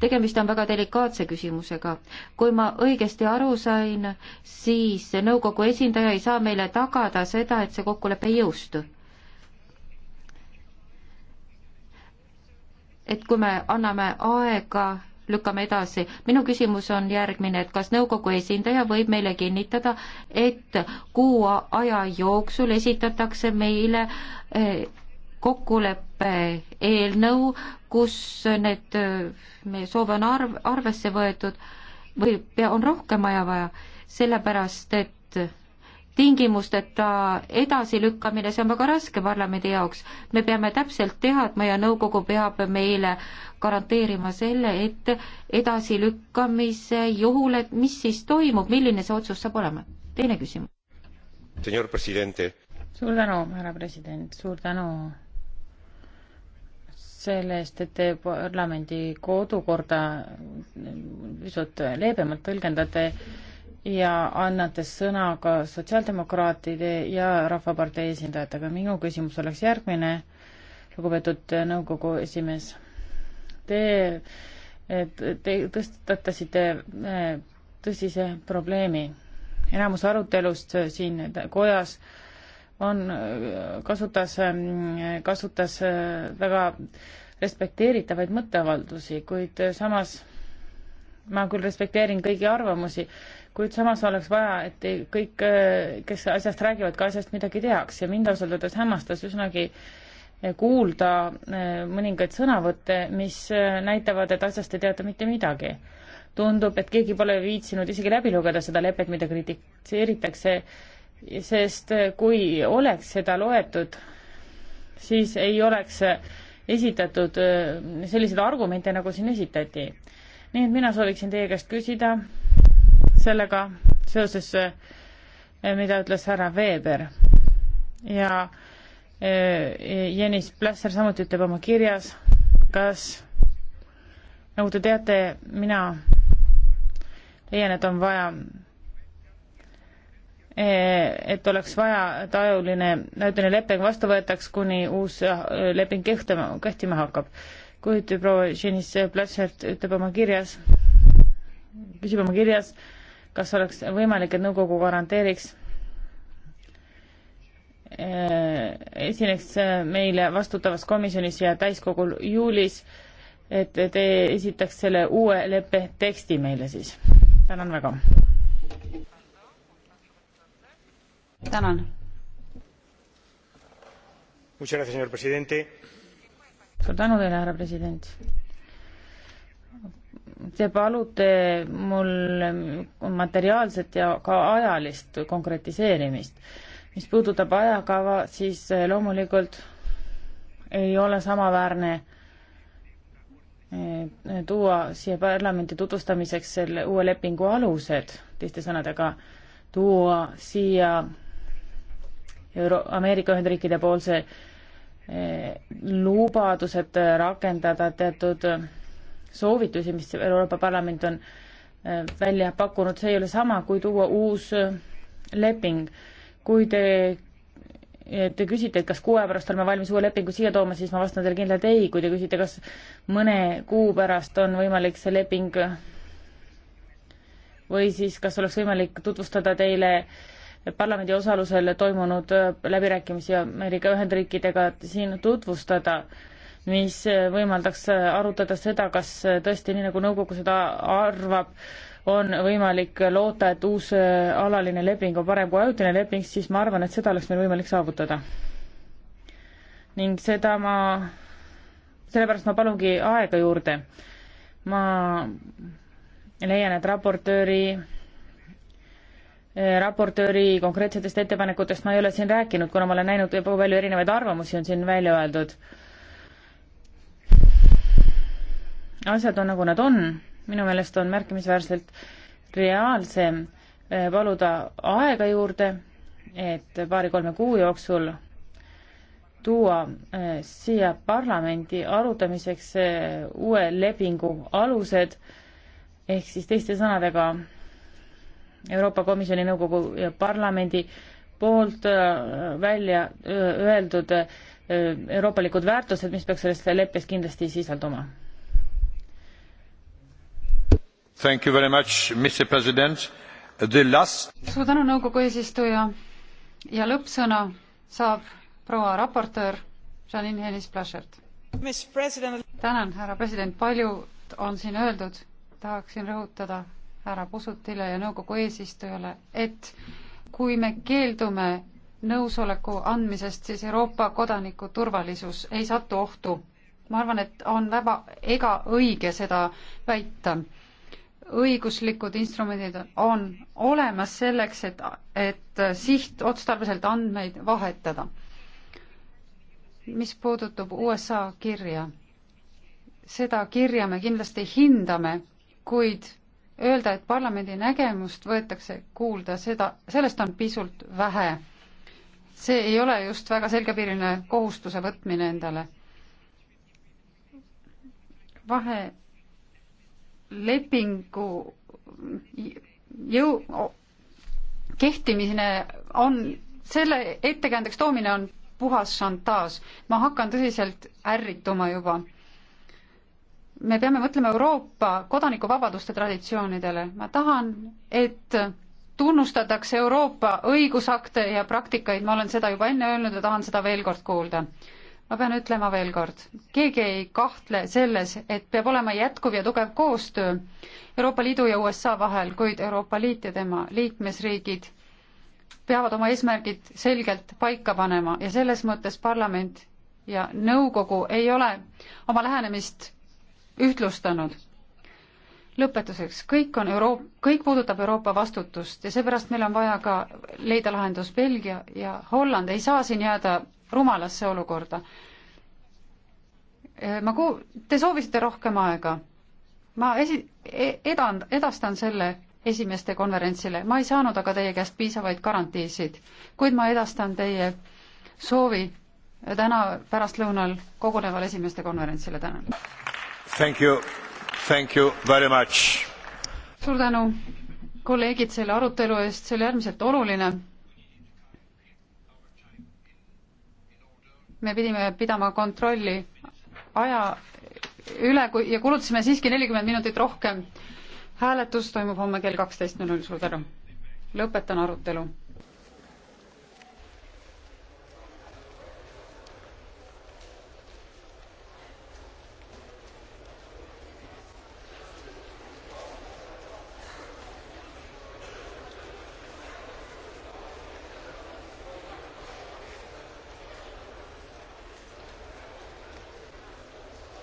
tegemist on väga delikaatse küsimusega. kui ma õigesti aru sain, siis nõukogu esindaja ei saa meile tagada seda, et see kokkulepe ei jõustu. et kui me anname aega lükkame edasi. minu küsimus on järgmine, et kas nõukogu esindaja võib meile kinnitada, et kuu aja jooksul esitatakse meile eh, kokkuleppe eelnõu, kus need eh, meie soove on arv, arvesse võetud või on rohkem aja vaja, sellepärast et tingimusteta edasilükkamine, see on väga raske parlamendi jaoks. me peame täpselt teadma ja nõukogu peab meile garanteerima selle, et edasilükkamise juhul, et mis siis toimub, milline see otsus saab olema. teine küsimus. suur tänu, härra president, suur tänu selle eest, et te parlamendi kodukorda pisut leebemalt tõlgendate ja annate sõna ka sotsiaaldemokraatide ja Rahvapartei esindajatega. minu küsimus oleks järgmine, lugupeetud nõukogu esimees. Te, te tõstatasite äh, tõsise probleemi. enamus arutelust siin kojas on, äh, kasutas, ähm, kasutas äh, väga respekteeritavaid mõtteavaldusi, kuid samas ma küll respekteerin kõigi arvamusi, kuid samas oleks vaja, et kõik, äh, kes asjast räägivad, ka asjast midagi teaks ja mind ausalt öeldes hämmastas üsnagi äh, kuulda äh, mõningaid sõnavõtte, mis näitavad, et asjast ei teata mitte midagi. tundub, et keegi pole viitsinud isegi läbi lugeda seda lepet, mida kritiseeritakse, sest kui oleks seda loetud, siis ei oleks esitatud selliseid argumente, nagu siin esitati. nii et mina sooviksin teie käest küsida, sellega seoses, eh, mida ütles härra Weber ja eh, Jenis Plässer samuti ütleb oma kirjas, kas nagu te teate, mina leian, et on vaja, eh, et oleks vaja, et ajuline, ajuline leping vastu võetaks, kuni uus leping kehtima, kehtima hakkab. kuid proua Jenis Plässert ütleb oma kirjas, küsib oma kirjas, kas oleks võimalik, et nõukogu garanteeriks äh, esineks äh, meile vastutavas komisjonis ja täiskogul juulis, et te esitaks selle uue leppe teksti meile siis. tänan väga. tänan. suur tänu teile, härra president te palute mul materiaalset ja ka ajalist konkretiseerimist. mis puudutab ajakava, siis loomulikult ei ole samaväärne eh, tuua siia parlamenti tutvustamiseks selle uue lepingu alused, teiste sõnadega tuua siia Euro-, Ameerika Ühendriikide poolse eh, lubadused rakendada teatud soovitusi, mis Euroopa Parlament on äh, välja pakkunud, see ei ole sama, kui tuua uus äh, leping. kui te, äh, te küsite, et kas kuu aja pärast oleme valmis uue lepingu siia tooma, siis ma vastan teile kindlalt ei, kui te küsite, kas mõne kuu pärast on võimalik see leping või siis kas oleks võimalik tutvustada teile parlamendi osalusel toimunud läbirääkimisi Ameerika Ühendriikidega, siin tutvustada äh, mis äh, võimaldaks äh, arutada seda, kas äh, tõesti, nii nagu nõukogu seda arvab, on võimalik loota, et uus alaline leping on parem kui ajutine leping, siis ma arvan, et seda oleks meil võimalik saavutada. ning seda ma, sellepärast ma palungi aega juurde. ma leian, et raportööri raportööri konkreetsetest ettepanekutest ma ei ole siin rääkinud, kuna ma olen näinud, kui palju erinevaid arvamusi on siin välja öeldud asjad on, nagu nad on. minu meelest on märkimisväärselt reaalsem eh, paluda aega juurde, et paari-kolme kuu jooksul tuua eh, siia parlamendi arutamiseks eh, uue lepingu alused ehk siis teiste sõnadega Euroopa Komisjoni nõukogu ja parlamendi poolt välja öeldud euroopalikud väärtused, mis peaks selles leppes kindlasti sisalduma. Last... suur tänu, nõukogu eesistuja ja lõppsõna saab proua raportöör Janine Hennis-Plaschert. tänan, härra president, paljud on siin öeldud, tahaksin rõhutada härra Pusutile ja nõukogu eesistujale, et kui me keeldume nõusoleku andmisest, siis Euroopa kodaniku turvalisus ei satu ohtu. ma arvan, et on väga ebaõige seda väita õiguslikud instrumendid on olemas selleks, et, et sihtotstarbeliselt andmeid vahetada. mis puudutab USA kirja, seda kirja me kindlasti hindame, kuid öelda, et parlamendi nägemust võetakse kuulda, seda, sellest on pisut vähe. see ei ole just väga selgepiiriline kohustuse võtmine endale. vahe lepingu jõu, kehtimine on, selle ettekäändeks toomine on puhas šantaaž. ma hakkan tõsiselt ärrituma juba. me peame mõtlema Euroopa kodanikuvabaduste traditsioonidele. ma tahan, et tunnustatakse Euroopa õigusakte ja praktikaid, ma olen seda juba enne öelnud ja tahan seda veel kord kuulda ma pean ütlema veel kord, keegi ei kahtle selles, et peab olema jätkuv ja tugev koostöö Euroopa Liidu ja USA vahel, kuid Euroopa Liit ja tema liikmesriigid peavad oma eesmärgid selgelt paika panema ja selles mõttes parlament ja nõukogu ei ole oma lähenemist ühtlustanud. lõpetuseks, kõik on Euroop-, kõik puudutab Euroopa vastutust ja seepärast meil on vaja ka leida lahendus Belgia ja Holland ei saa siin jääda rumalasse olukorda. ma ku-, te soovisite rohkem aega. ma esi-, e-, edan, edastan selle esimeste konverentsile, ma ei saanud aga teie käest piisavaid garantiisid, kuid ma edastan teie soovi täna pärastlõunal koguneval esimeste konverentsile, tänan. Thank you, thank you very much. suur tänu, kolleegid, selle arutelu eest, see oli äärmiselt oluline me pidime pidama kontrolli aja üle ja kulutasime siiski nelikümmend minutit rohkem. hääletus toimub homme kell kaksteist null null, suur tänu. lõpetan arutelu